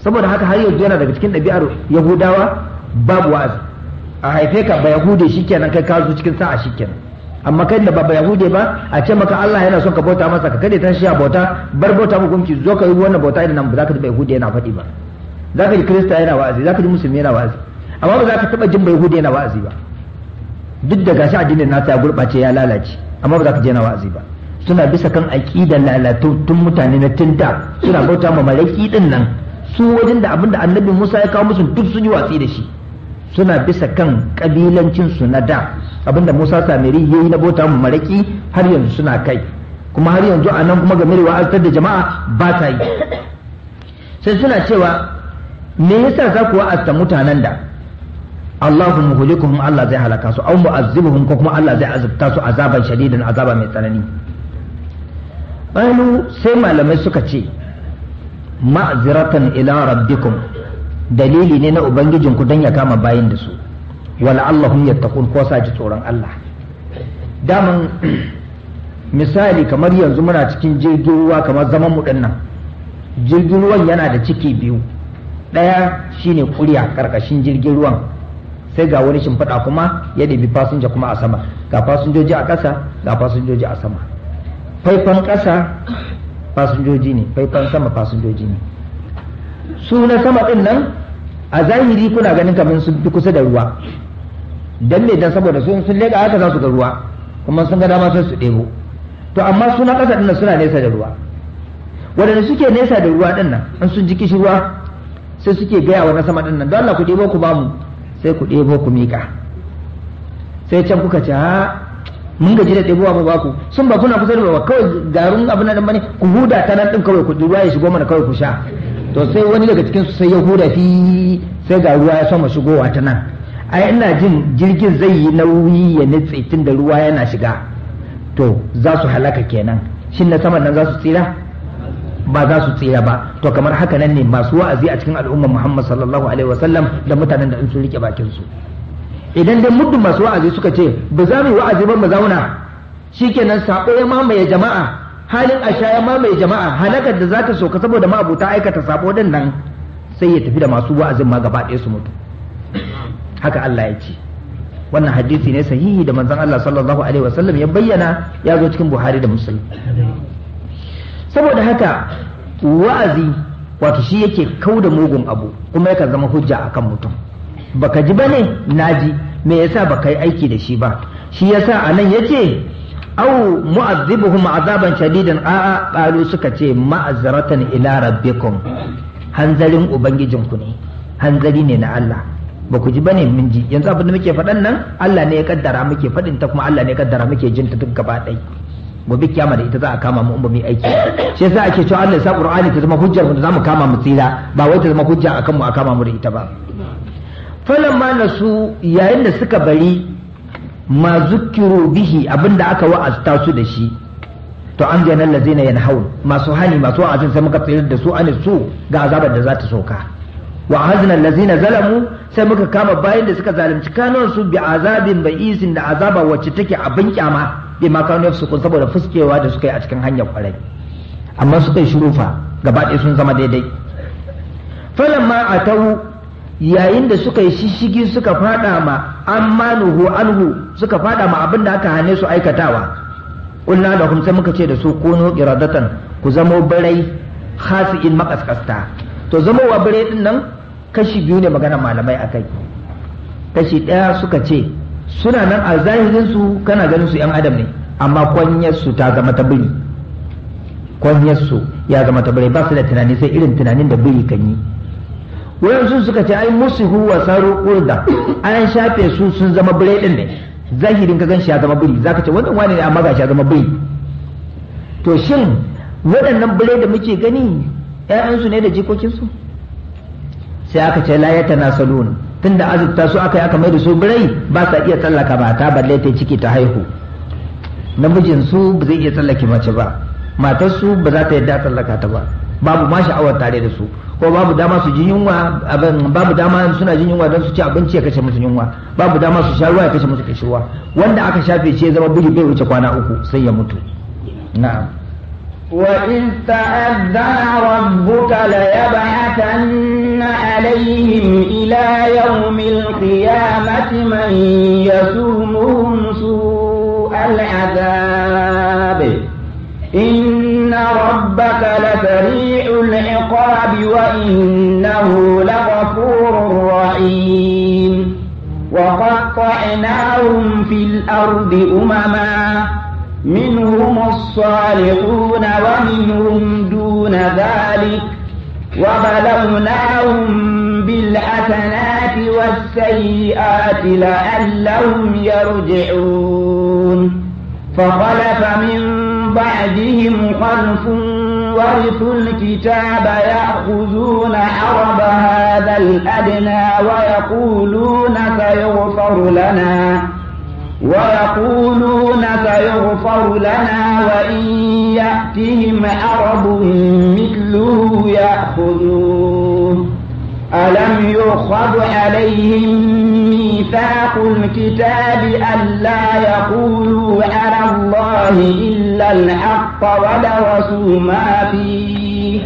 saboda haka har yanzu yana daga cikin ɗabi'ar yahudawa babu wa'azi a haife ka ba yahude shikenan kai ka zo cikin sa'a shikenan amma kai da baba yahude ba a ce maka Allah yana son ka bauta masa ka kade ta shi a bauta bar bauta mu zo ka yi wannan bauta idan nan ba za ka ba yahude yana faɗi ba za ka ji krista yana wa'azi za ka ji musulmi yana wa'azi amma ba za ka taɓa jin ba yahude yana wa'azi ba duk da gashi addinin nasa ya gurbace ya lalace amma ba za ka ji yana wa'azi ba suna bisa kan lalatu lalatattun mutane na tinta suna bauta ma malaki din nan su wajen da abinda annabi Musa ya kawo musu duk sun yi watsi da shi suna bisa kan kabilancin su na da abinda Musa Samiri ya yi na bota mu maraki har yanzu suna kai kuma har yanzu a nan kuma game da wa'azar da jama'a ba ta yi sai suna cewa me yasa za ku wa'azta mutanen da Allahu muhlikum Allah zai halaka su aw mu'azzibuhum ko kuma Allah zai azabta su azaban shadidan azaba mai tsanani qalu sai malamai suka ce ma'ziratan ila rabbikum dalili ne na ubangijinku dan ya kama bayin da su wala'allahum yattaqun ko sa ji tsoron Allah daman misali kamar yanzu muna cikin jirgin ruwa kamar zaman mu dinnan jirgin ruwan yana da ciki biyu ɗaya shine kuriya karkashin jirgin ruwan sai ga wani shimfiɗa kuma ya ɗabi fasinja kuma a sama ga fasinjoji a ƙasa ga fasinjoji a sama faifan ƙasa fasinjoji ne faifan sama fasinjoji ne su na sama ɗin nan a zahiri kuna ganin kamar sun fi kusa da ruwa dan me dan saboda sun sun leka haka za su ga ruwa kuma sun ga dama sai su ɗebo to amma suna kasa dinnan suna nesa da ruwa wadanda suke nesa da ruwa dinnan nan in sun ji kishirwa ruwa sai suke gaya wa na sama dinnan nan don Allah ku ɗebo ku bamu sai ku ɗebo ku miƙa sai can kuka ce ha mun gaji da ɗebowa mu baku sun ba kuna kusa da ruwa kawai garin abin nan bane ku huda ta nan ɗin kawai ku ruwa ya shigo mana kawai ku sha to sai wani daga cikin su sai ya huda fi sai ga ruwa ya sama shigowa ta nan ai ina jin jirgin zai yi nauyi ya nitse tun da ruwa yana shiga to za su halaka kenan shin na saman nan za su tsira ba za su tsira ba to kamar haka nan ne masu wa'azi a cikin al'ummar Muhammad sallallahu alaihi wasallam da mutanen da in sun rike bakin su idan dai muddin masu wa'azi suka ce ba za mu wa'azi ba mu zauna shikenan sako ya mamaye jama'a halin asha ya mamaye jama'a halakar da za ta soka saboda ma'abuta aikata sabo din nan sai ya tafi da masu wa'azin ma gaba ɗaya su mutu haka Allah ya ce wannan hadisi ne sahihi da manzon Allah sallallahu alaihi wasallam ya bayyana ya zo cikin Buhari da Muslim saboda haka wa'azi wato shi yake kauda mugun abu kuma yakan zama hujja akan mutum baka ji bane naji me yasa baka yi aiki da shi ba shi yasa anan yace au mu'azzibuhum azaban shadidan a'a qalu suka ce ma'azratan ila rabbikum hanzarin ubangijinku ne hanzari ne na Allah ba ku ji bane mun ji yanzu abin da muke faɗan nan Allah ne ya kaddara muke faɗin ta kuma Allah ne ya kaddara muke jin ta duk gaba ɗaya gobe kiyama da ita za a kama mu in ba mu aiki shi yasa ake cewa Allah ya sa Qur'ani ta zama hujjar mu da zamu kama mu tsira ba wai ta zama hujja akan mu a kama mu da ita ba falamma nasu yayin da suka bari ma zukkiru bihi abinda aka wa'azta su da shi to an jana allazina yanhaun masu hani masu wa'azin sai muka tsayar da su an su ga azabar da za ta sauka. wa hazna allazina zalamu sai muka kama bayan da suka zalunci kanon su bi azabin ba'isin da azaba wacce take abin kyama bi ma su kun saboda fuskewa da suka yi a cikin hanyar kwarai amma suka yi shurufa gaba ɗaya sun zama daidai falamma atau yayin da suka yi shishigi suka fada ma ammanuhu anhu suka fada ma abin da aka hane su aikatawa kulna da sai muka ce da su kunu iradatan ku zamo barai in makaskasta to wa bire din nan kashi biyu ne magana malamai akai kashi daya suka ce suna nan a zahirin su kana ganin su yan adam ne amma kwanyar su ta zama ta biri kwanyar su ya zama ta biri ba su da tunani sai irin tunanin da biri kan yi sun suka ce ai musihu wa saru qurda an shafe su sun zama bire din ne zahirin ka gan shi ya zama biri zaka ce wannan wani ne amma ga shi ya zama biri to shin waɗannan bire da muke gani ‘ya'yansu ne da jikokinsu sai aka ce la yata na salon tunda azubta su aka yi aka mai da su birai ba sa iya tsallaka ta balle ta ciki ta haihu namijin su ba zai iya tsallake mace ba matar su ba za ta yadda tsallaka ta ba babu ma sha'awar tare da su ko babu dama su ji yunwa babu dama suna jin yunwa don su ci abinci ya kashe musu yunwa babu dama su sha ruwa ya kashe musu kashewa wanda aka shafe shi ya zama biri bai wuce kwana uku sai ya mutu
na'am
وإذ تأذن ربك ليبعثن عليهم إلى يوم القيامة من يسومهم سوء العذاب إن ربك لسريع العقاب وإنه لغفور رحيم وقطعناهم في الأرض أمماً منهم الصالحون ومنهم دون ذلك وبلوناهم بالحسنات والسيئات لعلهم يرجعون فخلف من بعدهم خلف ورثوا الكتاب يأخذون عرب هذا الأدنى ويقولون سيغفر لنا ويقولون سيغفر لنا وإن يأتهم أرض مثله يأخذون ألم يؤخذ عليهم ميثاق الكتاب ألا يقولوا على الله إلا الحق ودرسوا ما فيه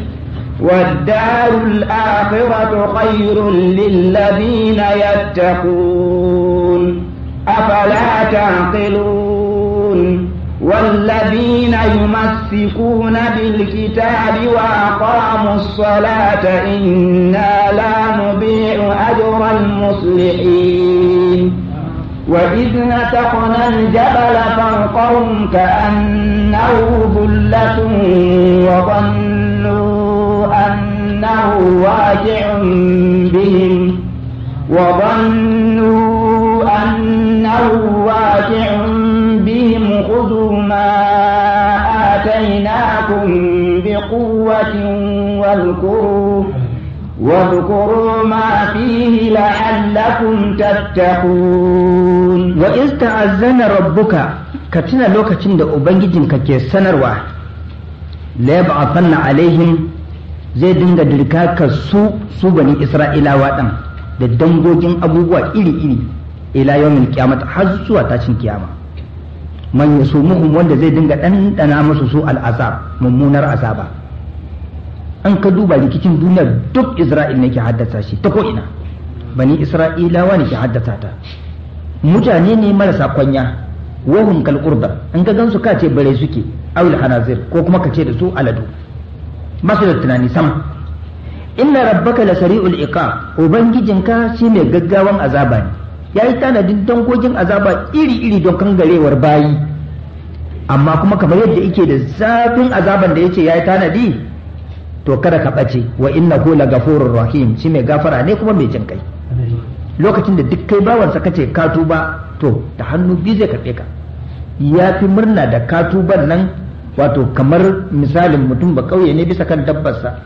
والدار الآخرة خير للذين يتقون
أفلا
تعقلون والذين يمسكون بالكتاب وأقاموا الصلاة إنا لا نضيع أجر المصلحين وإذ نتقنا الجبل فوقهم كأنه ذلة وظنوا أنه واجع بهم وظنوا آتيناكم بقوة واذكروا
واذكروا ما
فيه لعلكم
تتقون وإذ تأذن ربك كتنا لوكا تند أبنجدين كتير سنروا لا عليهم zai dinga dirkaka su su bani isra'ilawa dan da dangogin abubuwa iri-iri ila yawmin kiyamata har zuwa tashin kiyama man yasumuhum wanda zai dinga ɗanɗana musu su al'azab mummunar azaba an ka duba rikicin duniyar duk isra'il ne ke haddasa shi ta ko'ina. bani isra'ilawa ne ke haddasa ta mutane ne marasa kwanya wahum kal qurda in ka gansu ka ce bare suke awil hanazir ko kuma ka ce da su aladu Masu da tunani sama inna rabbaka la sari'ul iqab ubangijinka shi mai gaggawan azaba ne ya yi tanadin dangogin azaba iri-iri don kangarewar bayi amma kuma kamar yadda yake da zafin azaban da yake ya yi tanadi to kada ka ɓace wa inna ko la gafurur rahim shi mai gafara ne kuma mai jin kai lokacin da duk kai bawansa ka ce ka tuba to da hannu biyu zai karɓe ka ya fi murna da ka tuban nan wato kamar misalin mutum ba ƙauye ne bisa kan dabbarsa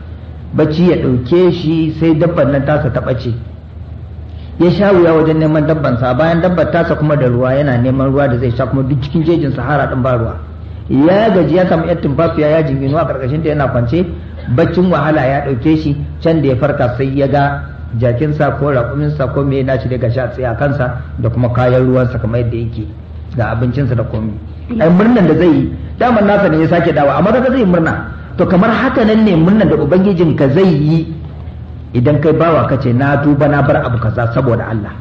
bacci ya ɗauke shi sai dabbar nan tasa ta ɓace ya sha wuya wajen neman dabban sa bayan dabbar tasa kuma da ruwa yana neman ruwa da zai sha kuma duk cikin jejin sahara din ba ruwa ya gaji ya samu yar tumfafiya ya jinginu a karkashin ta yana kwance baccin wahala ya dauke shi can da ya farka sai ya ga jakinsa ko raƙuminsa ko me na shi daga sha tsaye kansa da kuma kayan ruwansa kamar yadda yake ga abincinsa da komi ai murnan da zai yi daman nasa ne ya sake dawa amma daga zai murna to kamar haka nan ne murnan da ubangijinka zai yi idan kai bawa ka ce na tuba na bar abu kaza saboda Allah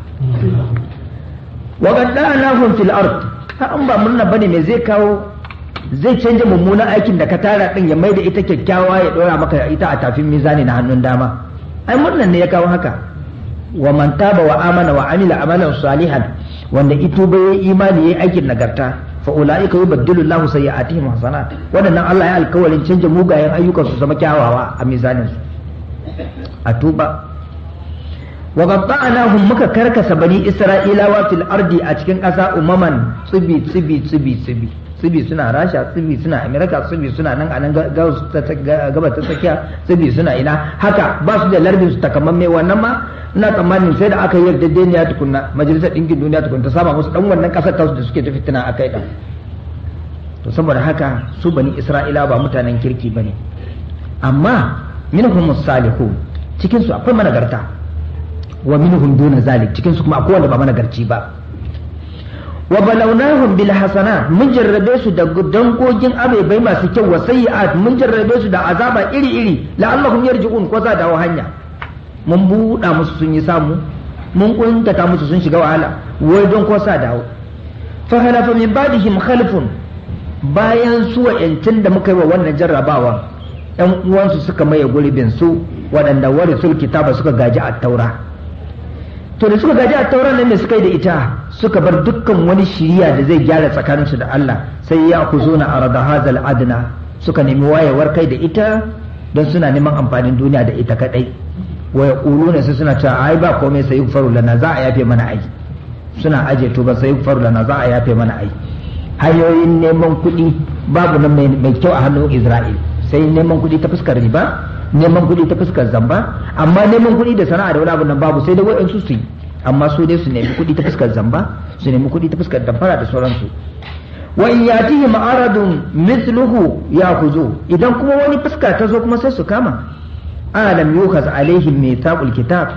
wa gaddanahum fil ard ta an ba murna bane me zai kawo zai canja mummunan aikin da ka tara din ya maida ita kyakkyawa ya dora maka ita a tafin mizani na hannun dama ai murnan ne ya kawo haka wa man taba wa amana wa amila amalan salihan wanda ito bai imani yayi aikin nagarta fa ulaika yubaddilu Allahu sayyi'atihim hasanat wannan Allah ya alkawarin canja mugayen ayyukan su zama kyawawa a mizanin a tuba wa gabba'anahum muka karkasa bani isra'ilawa fil ardi a cikin ƙasa umaman tsibi tsibi tsibi tsibi tsibi suna rasha tsibi suna amerika tsibi suna nan a nan gaba ta tsakiya tsibi suna ina haka ba su da lardin su takamamme wannan ma ina tsammanin sai da aka yi yarjejeniya tukunna majalisar ɗinkin duniya tukunna ta saba musu dan wannan ƙasar tasu da suke ta fitina a kai to saboda haka su bani isra'ila ba mutanen kirki bane amma minhum salihun cikin su akwai managarta wa minhum duna zalik cikin su kuma akwai wanda ba managarci ba wa balawnahum bil hasana mun jarrabe su da dangogin abai masu kyau wa sayyi'at mun jarrabe su da azaba iri iri la'allahum yarji'un ko za dawo hanya mun buɗa musu sun yi samu mun kuntata musu sun shiga wahala wai don ko sa dawo fa halafa min ba'dihim khalfun bayan su wa'antin da muka yi wa wannan jarrabawa yan uwansu suka maye gurbin su waɗanda sul kitaba suka gaji a taura to da suka gaji a taura nan ne suka yi da ita suka bar dukkan wani shiriya da zai gyara tsakaninsu da Allah sai ya ku zo na arada hazal adna suka nemi wayewar kai da ita don suna neman amfanin duniya da ita kadai waya ulu ne sai suna cewa ai ba komai sai faru lana za a yafe mana ai suna aje to ba sai faru lana za a yafe mana ai hanyoyin neman kuɗi babu nan mai kyau a hannun Isra'il sai neman kuɗi ta fuskar riba neman kuɗi ta fuskar zamba amma neman kuɗi da sana'a da wani abu nan babu sai da waɗansu su yi amma su dai su nemi kuɗi ta fuskar zamba su nemi kuɗi ta fuskar damfara da sauransu wa in yatihi ma'aradun mithluhu kuzo idan kuma wani fuska ta zo kuma sai su kama alam yukhaz alaihim mithaqul kitab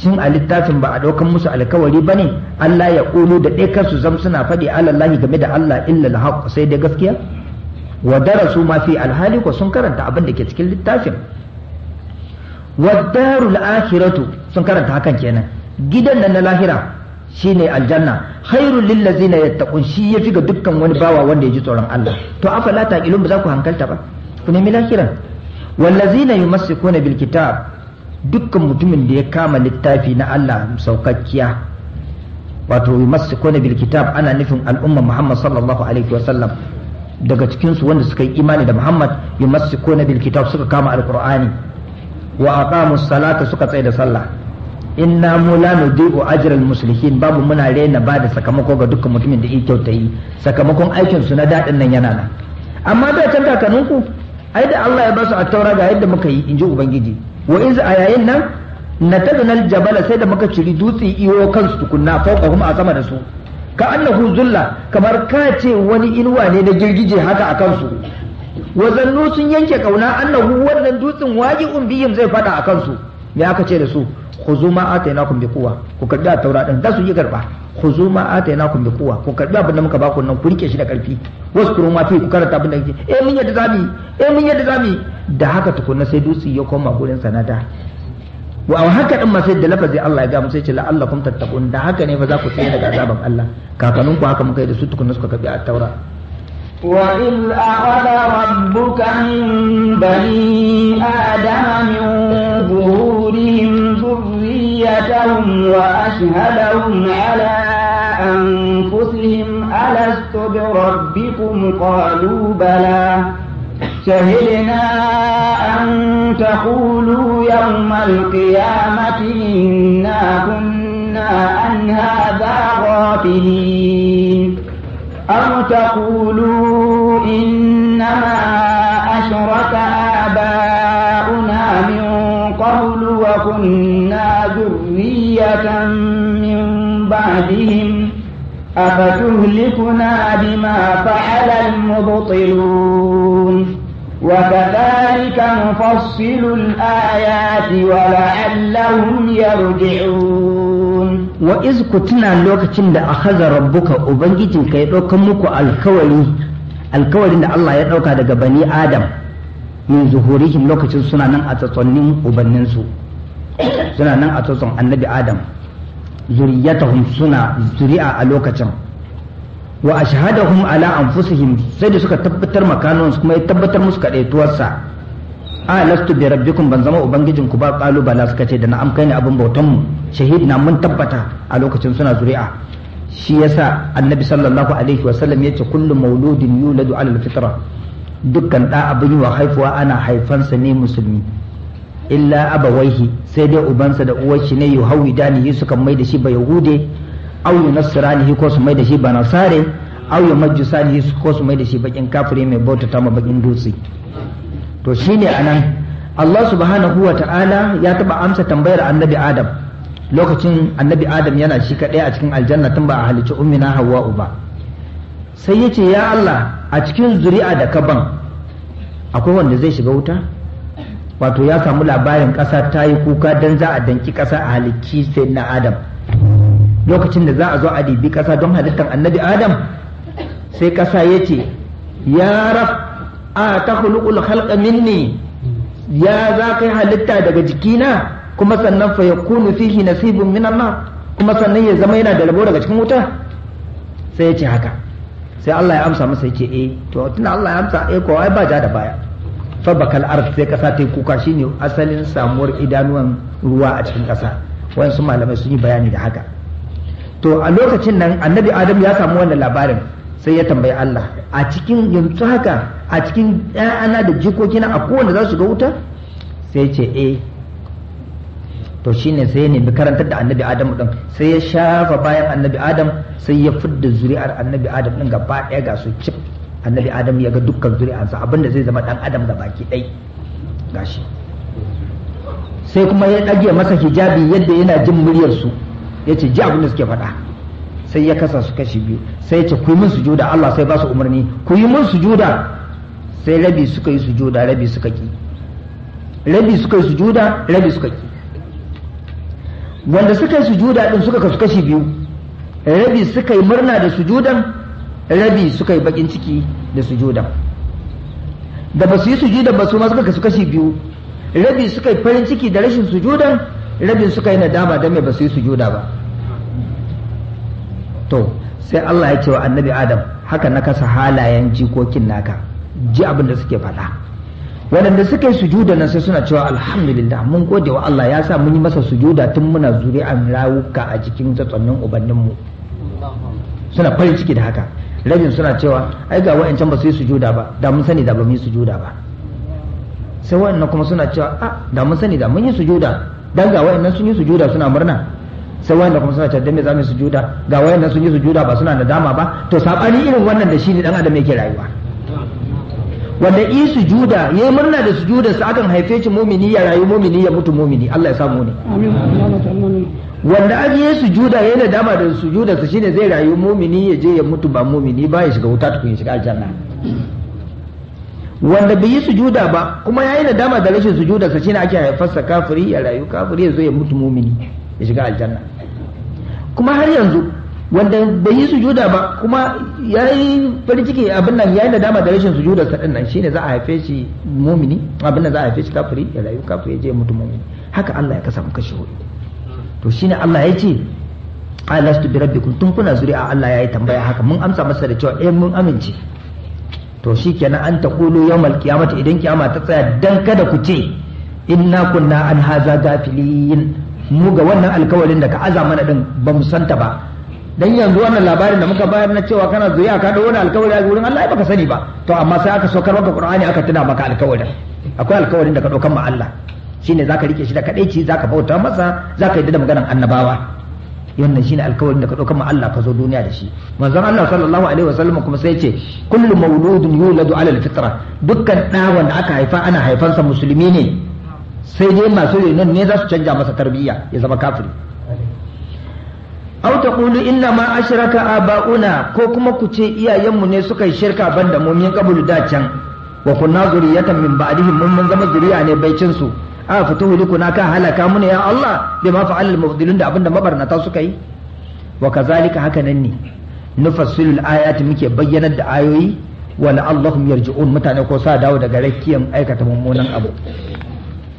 sun a littafin ba a ɗaukan musu alkawari ne? Allah ya ƙulu da dai kansu zam suna faɗi alallahi game da Allah illa alhaq sai dai gaskiya Wadarasu mafi alhali ko sun karanta abin da ke cikin littafin wa darul akhiratu sun karanta hakan kenan gidan na na lahira shine aljanna khairul lil ladzina yattaqun shi yafi ga dukkan wani bawa wanda ya ji tsoron Allah to afala ta ilun ba za ku hankalta ba ku nemi lahiran wallazina yumassikuna bil kitab dukkan mutumin da ya kama littafi na Allah saukakkiya wato yumassikuna bil kitab ana nufin al'umma Muhammad sallallahu alaihi wasallam daga cikinsu wanda suka yi imani da muhammad yumassikuna na kitab suka kama alqur'ani wa aqamu salata suka tsaya da sallah inna mu la ajral muslimin babu muna rena ba da sakamako ga dukkan mutumin da yake kyauta yi sakamakon aikin su na dadin nan yana nan amma da can kakaninku ai da Allah ya ba su attaura ga yadda muka yi inji ubangiji wa iz a yayin nan natazna al jabala sai da muka ciri dutsi iyo kansu tukunna kuma a sama da su ka annahu zulla kamar ka ce wani inuwa ne na girgije haka a kansu wazannu sun yanke kauna annahu wannan dutsen un biyun zai fada a kansu me aka ce da su khuzu ma atainakum bi quwwa ku karbi a taura din da su yi karba khuzu ma atainakum bi quwwa ku karbi abin da muka ba ku nan ku rike shi da karfi waskuru ma fi ku karanta abin da kike eh mun yadda zabi eh mun yadda yi, da haka tukunna sai dutsi ya koma gurin sanada wa haka din ma sai da lafazi Allah ya ga musu ce la'allakum tattaqun da haka ne ba za ku tsaye daga azaban Allah kakannin ku haka muka yi da su tukunna suka kabi at-taura
wa in aqala rabbuka min bani adam min zuhurihim dhurriyyatahum wa ashhadahum ala anfusihim alastu bi rabbikum qalu bala سهلنا أن تقولوا يوم القيامة إنا كنا عن هذا غافلين أو تقولوا إنما أشرك آباؤنا من قبل وكنا ذرية من بعدهم أفتهلكنا بما فعل المبطلون وكذلك نفصل الآيات
ولعلهم يرجعون وإذ كتنا لوكتين دا أخذ ربك أبنجيتين كي يدوكمك الكولي الكولي دا الله يدوك دا بني آدم min zuhurihim lokacin suna nan a tsatsonin ubanninsu suna nan a tsatson annabi adam zuriyatahum suna zuri'a a lokacin wa ashhadahum ala anfusihim sai da suka tabbatar makanon su kuma ya tabbatar musu kadaituwarsa a lastu bi rabbikum ban zama ubangijin ku ba qalu bala suka ce da na'am kai ne abin bautan mu shahid na mun tabbata a lokacin suna zuri'a shi yasa annabi sallallahu alaihi sallam ya ce kullu mauludin yuladu ala alfitra dukkan da abin wa haifuwa ana haifansa ne musulmi illa abawaihi sai dai ubansa da uwar shi ne yuhawidani su mai da shi ba yahude aw yunassiranihi ko su mai da shi banasare aw yumajjusanihi ko su mai da shi bakin kafiri mai ta ma bakin dutse to shine anan Allah subhanahu wa ta'ala ya taba amsa tambayar annabi Adam lokacin annabi Adam yana shi kaɗai a cikin aljanna tun ba a halicci ummina Hawwa'u ba sai yace ya Allah a cikin zuri'a da ka ban akwai wanda zai shiga wuta wato ya samu labarin ƙasa ta yi kuka don za a danki ƙasa a halicci sai na Adam lokacin da za a zo a dibi ƙasa don halittar annabi adam sai ƙasa ya ce ya raf a ta hulukul halƙa minni ya za kai halitta daga jikina kuma sannan fa ya kunu fihi nasibun min Allah kuma sannan ya zama yana da rabo daga cikin wuta sai ya ce haka sai Allah ya amsa masa yake eh to tunda Allah ya amsa eh ko ai ba ja da baya fa bakal ard sai kasa ta yi kuka shine asalin samuwar idanuwan ruwa a cikin kasa wayan su malamai sun yi bayani da haka to a lokacin nan annabi adam ya samu wannan labarin sai ya tambayi Allah a cikin yanzu haka a cikin 'ya'yana da jikokina a kowanne za su ga wuta sai ce eh to shine sai ya nemi karantar da annabi adam din sai ya shafa bayan annabi adam sai ya fidda zuri'ar annabi adam din gaba ɗaya ga su cip annabi adam ya ga dukkan zuri'arsa abinda zai zama dan adam ga baki dai gashi sai kuma ya ɗage masa hijabi yadda yana jin muryar su ya ce ji abin da suke faɗa sai ya kasa su kashi biyu sai ya ce ku yi min sujuda Allah sai ba su umarni ku yi min sujuda sai rabi suka yi sujuda rabi suka ki rabi suka yi sujuda rabi suka ki wanda suka yi sujuda din suka kasu kashi biyu rabi suka yi murna da sujudan rabi suka yi bakin ciki da sujudan da ba su yi sujuda ba su ma suka kasu kashi biyu rabi suka yi farin ciki da rashin sujudan rabin suka yi nadama don me ba su yi sujuda ba to sai Allah ya ce wa annabi Adam haka na kasa halayen jikokin naka ji abin da suke faɗa waɗanda suka yi sujuda nan sai suna cewa alhamdulillah mun gode wa Allah ya sa mun yi masa sujuda tun muna zuri'an rawuka a jikin tsatsannin ubanninmu suna farin ciki da haka rabin suna cewa ai ga wa'ancan ba su yi sujuda ba da mun sani da ba mu yi sujuda ba sai wa'annan kuma suna cewa a ah, da mun sani da mun yi sujuda dan ga wayannan sun yi sujuda suna murna sai wayannan kuma suna cewa me za mu yi sujuda ga wayannan sun yi sujuda ba suna nadama ba to sabani irin wannan da shi ne dan adam yake rayuwa wanda yi sujuda yayi murna da sujuda sa akan haife shi mumini ya rayu mumini ya mutu mumini Allah ya samu ne wanda aje sujuda yayi nadama da sujuda shi ne zai rayu mumini ya je ya mutu ba mumini ba ya shiga wuta tukun ya shiga aljanna wanda bai yi sujuda ba kuma yayi nadama da rashin sujuda sa shine ake haifarsa kafiri ya rayu kafiri ya zo ya mutu mumini ya shiga aljanna kuma har yanzu wanda bai yi sujuda ba kuma ya yi farin ciki abin nan ya yi nadama da rashin sujuda sa dinnan shine za a haife shi mumini abin nan za a haife shi kafiri ya rayu kafiri ya je mutu mumini haka Allah ya kasa muka kashi hudu to shine Allah ya ce alastu bi rabbikum tun kuna zuri'a Allah ya yi tambaya haka mun amsa masa da cewa eh mun amince to shi kenan an ta taqulu yawmal ta idan kiyama ta tsaya dan kada ku ce inna kunna an haza gafilin mu ga wannan alkawarin da ka aza mana din ba mu santa ba dan yanzu wannan labarin da muka bayar na cewa kana zuya ka dawo wani alkawari a wurin Allah baka sani ba to amma sai aka saukar maka Qur'ani aka tuna maka alkawarin akwai alkawarin da ka ɗaukan ma Allah shine zaka rike shi da kadaici zaka bauta masa zaka yi da maganar annabawa wannan shine alkawarin da ka dauka ma Allah ka zo duniya da shi manzon Allah sallallahu alaihi wasallam kuma sai ce kullu mauludun yuladu ala alfitra dukkan da wanda aka haifa ana haifansa musulmi ne sai dai masu renon ne za su canja masa tarbiyya ya zama kafiri Auta taqulu inna ma ashraka abauna ko kuma ku ce iyayenmu ne suka yi shirka banda mu min qablu da can wa kunna zuriyatan min ba'dihim mun zama zuriya ne baicin su a fito hulikuna ka halaka mu ne ya Allah bi ma fa'al al da abinda mabarnata suka yi wa kazalika haka nan ne nufassilu al-ayati muke bayyanar da ayoyi wa la'allahum yarji'un mutane ko sa dawo daga rakiyan aikata mummunan abu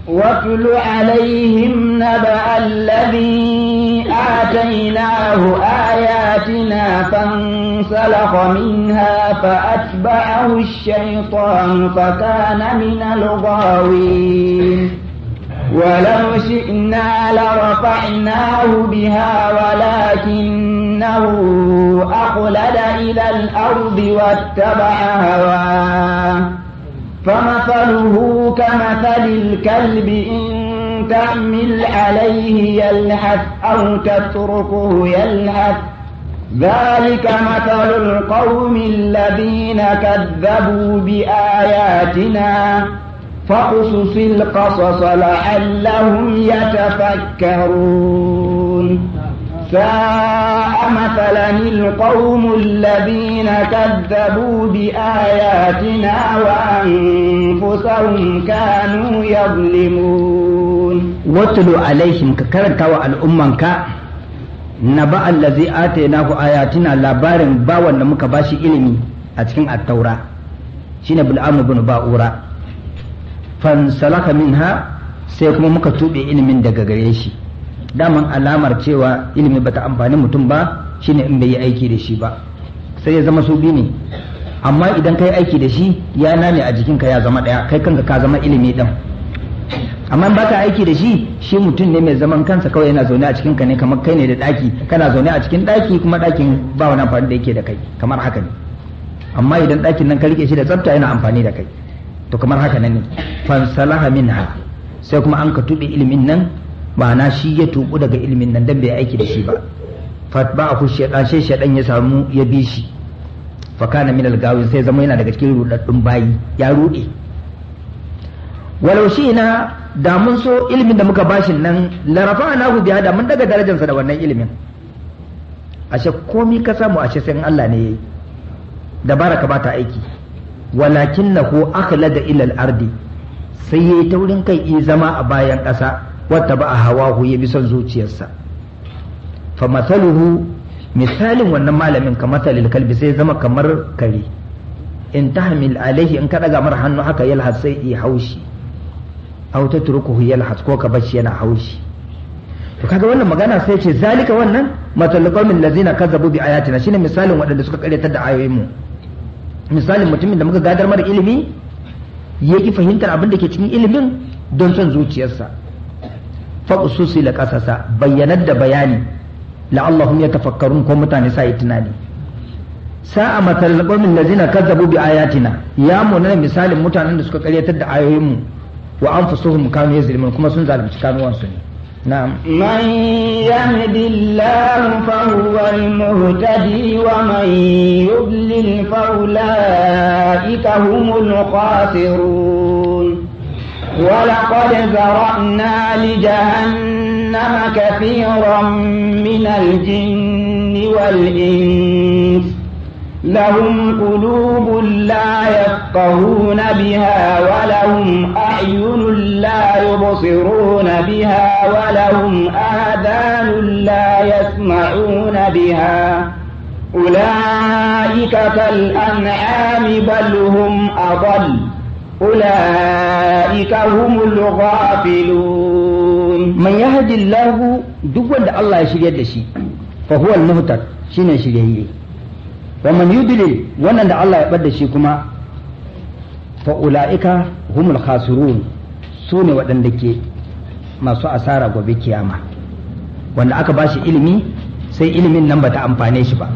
واتل عليهم نبأ الذي آتيناه آياتنا فانسلخ منها فأتبعه الشيطان فكان من الغاوين ولو شئنا لرفعناه بها ولكنه أقلد إلى الأرض واتبع هواه فمثله كمثل الكلب إن تعمل عليه يلهث أو تتركه يلهث ذلك مثل القوم الذين كذبوا بآياتنا فاقصص القصص لعلهم يتفكرون ساء مثلا القوم الذين كذبوا بآياتنا وأنفسهم كانوا يظلمون
واتلوا عليهم ككرك والأمة نبأ الذي آتيناه آياتنا لبارن باوان نمكباشي باشي إلمي أتكين التوراة شين بالأمر بن باورا fansalaka ha sai kuma muka tuɓe ilimin daga gare shi daman alamar cewa ilimi bata amfani mutum ba shine in bai yi aiki da shi ba sai ya zama su ne amma idan ka aiki da shi ya nane a jikinka ya zama ɗaya kai kanka ka zama ilimi din amma ba ka aiki da shi shi mutum ne mai zaman kansa kawai yana zaune a cikin ka ne kamar kai ne da daki kana zaune a cikin daki kuma dakin ba wani amfani da yake da kai kamar haka ne amma idan dakin nan ka rike shi da tsafta yana amfani da kai to kamar haka nan ne fansalaha minha sai kuma an ka tuɓe ilimin nan ma'ana shi ya tuɓu daga ilimin nan dan bai aiki da shi ba fatba ku shaidan sai shaidan ya samu ya bi shi fa kana min al sai zama yana daga cikin rudaddun bayi ya rude walau shi na da mun so ilimin da muka bashi nan larafa na hu biya da mun daga darajarsa da wannan ilimin ashe komi ka samu ashe sai in Allah ne yayi baraka ka ta aiki ko akhlada da ilal ardi sai yayi taurin kai yi zama a bayan ƙasa wata ba a ku ya bi son zuciyarsa fa masaluhu misalin wannan malamin ka masalil kalbi sai zama kamar kare in tahmil alaihi in ka daga mar hannu haka yalhas sai yi haushi aw tatrukuhu yalhas ko ka bashi yana haushi to kaga wannan magana sai ce zalika wannan matalqamin lazina kazzabu bi ayatina shine misalin waɗanda suka karyata da ayoyin mu misalin mutumin da muka gadar mara ilimi ya ki fahimtar abin da ke cikin ilimin don son zuciyarsa faƙususi la ƙasasa bayyanar da bayani la'allahum ya tafakkaru ko mutane sa yi tunani sa'a matal qawmin lazina kazzabu bi ayatina ya munana misalin mutanen da suka karyatar da ayoyinmu wa anfusuhum kanu yazlimun kuma sun zalunci kanuwansu ne نعم
من يهد الله فهو المهتدي ومن يضلل فأولئك هم الخاسرون ولقد ذرأنا لجهنم كثيرا من الجن والإنس لهم قلوب لا يفقهون بها ولهم أعين لا يبصرون بها ولهم آذان لا يسمعون بها أولئك كالأنعام بل هم أضل
أولئك هم الغافلون من يهد الله دون الله يشري فهو المهتد شين يشريه wa man yudlil wannan da Allah ya bar da shi kuma fa ulaika humul khasirun su ne waɗanda ke masu asara gobe kiyama wanda aka ba shi ilimi sai ilimin nan bata amfane shi ba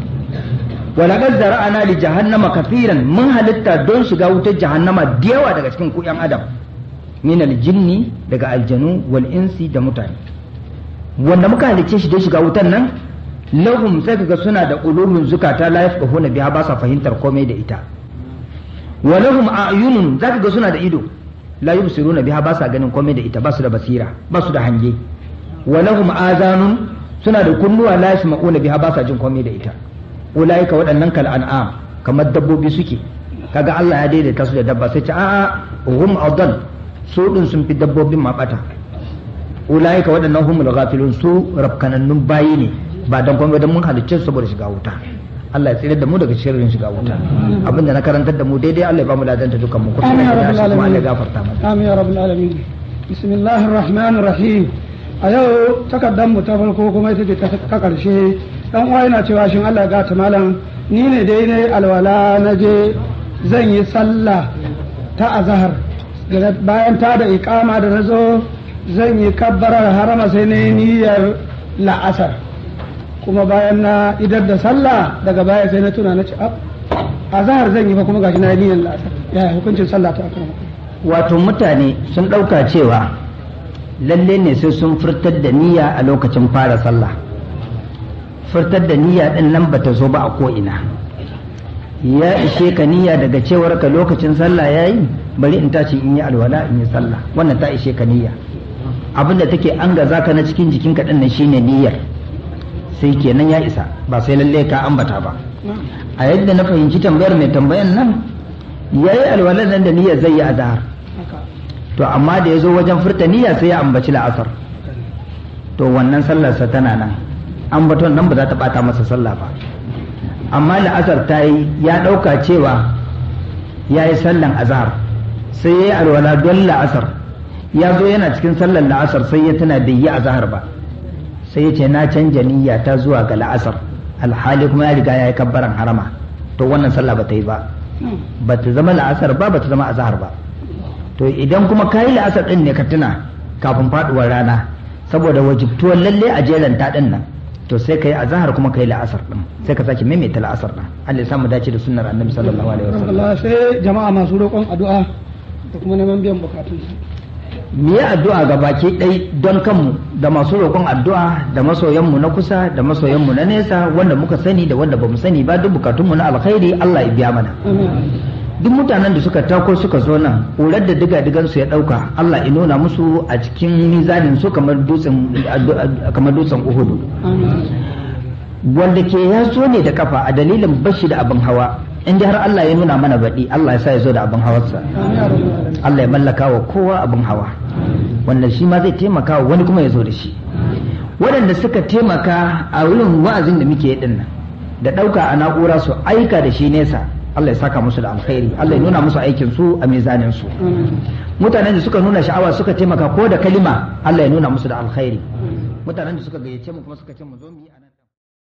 walaqad zara'ana li jahannama kafiran mun halitta don shiga wutar jahannama da daga cikin ku yan adam min Jinni daga aljanu wal insi da mutane wanda muka halicce shi don shiga wutar nan lahum sai kaga suna da ulumin zukata la huna biha ba sa fahimtar komai da ita wa lahum a'yunun zaka ga suna da ido la yubsiruna biha ba sa ganin komai da ita ba su da basira ba su da hange wa lahum azanun suna da kunnuwa la yasma'una biha ba sa jin komai da ita ulaika waɗannan kal an'am kamar dabbobi suke kaga Allah ya daidaita su da dabba sai ce a hum adall su din sun fi dabbobin mabata bata ulaika waɗannan humul ghafilun su rafkanannun bayi ne ba don kuma don mun halicce saboda shiga wuta Allah ya tsire da mu daga shirin shiga wuta da na karantar da mu daidai Allah ya ba mu ladanta dukan mu kuma ya shi kuma Allah ya gafarta mana
amin ya rabbal alamin bismillahir rahmanir rahim a yau takardar mu ta farko kuma ita ce ta karshe dan uwa yana cewa shin Allah ga ta malam ni ne dai ne alwala na je zan yi sallah ta azhar bayan ta da iqama da nazo zan yi kabbarar harama sai ne niyyar la'asar kuma bayan na idar da sallah daga
baya sai na tuna na ce a ah, zahar zan yi fa kuma gashi na yi la'asar ya hukuncin sallah ta akwai wato mutane sun ɗauka cewa lalle ne sai sun furtar da niyya a lokacin fara sallah furtar da niyya din nan ba ta zo ba a ko'ina ya ishe ka niyya daga cewar ka lokacin sallah yayi bari in tashi in yi alwala in yi sallah wannan ta ishe ka niyya abin da take an gaza ka na cikin jikinka din nan shine niyyar sai kenan ya isa ba sai lalle ka ambata ba a yadda na fahimci tambayar mai tambayan nan ya yi alwalar nan da niyyar zai yi azahar to amma da ya zo wajen furta niyya sai ya ambaci la'asar to wannan sallarsa tana nan ambaton nan ba za ta bata masa sallah ba amma la'asar ta yi ya ɗauka cewa ya yi sallan azahar sai ya yi alwala don la'asar ya zo yana cikin sallar la'asar sai ya tana bai yi azahar ba sai ya ce na canja niyya ta zuwa ga la'asar alhali kuma ya riga ya yi kabbaran harama to wannan sallah ba ta yi ba ba ta zama la'asar ba ba ta zama azahar ba to idan kuma ka yi la'asar din ne ka tuna kafin faɗuwar rana saboda wajibtuwar lalle a jelan ta ɗin nan to sai kai azahar kuma ka yi la'asar din sai ka sake maimaita la'asar din Allah ya samu dace da sunnar Annabi sallallahu alaihi wasallam sai jama'a masu roƙon addu'a da kuma neman biyan bukatun mu yi addu'a ga baki ɗai don kanmu da masu roƙon addu'a da masoyanmu na kusa da masoyanmu na nesa wanda muka sani da wanda bamu sani ba duk bukatunmu na alkhairi Allah ya biya mana duk mutanen da suka tako suka zo nan ƙurar da diga digan su ya ɗauka Allah ya nuna musu a cikin mizanin su kamar dutsen kamar dutsen Uhud wanda ke ya zo ne da kafa a dalilin bashi da abin hawa in har Allah ya nuna mana baɗi Allah ya sa ya zo da abin hawarsa Allah ya mallaka wa kowa abin hawa Wannan shi ma zai taimaka wa wani kuma ya zo da shi waɗanda suka taimaka a wurin wa'azin da muke din nan da ɗauka a na'ura su aika da shi nesa Allah ya saka musu da alkhairi Allah ya nuna musu aikin su a mizanin su mutanen da suka nuna sha'awa suka taimaka ko da kalima Allah ya nuna musu da alkhairi mutanen da suka gayyace mu kuma suka ce mu zo mu yi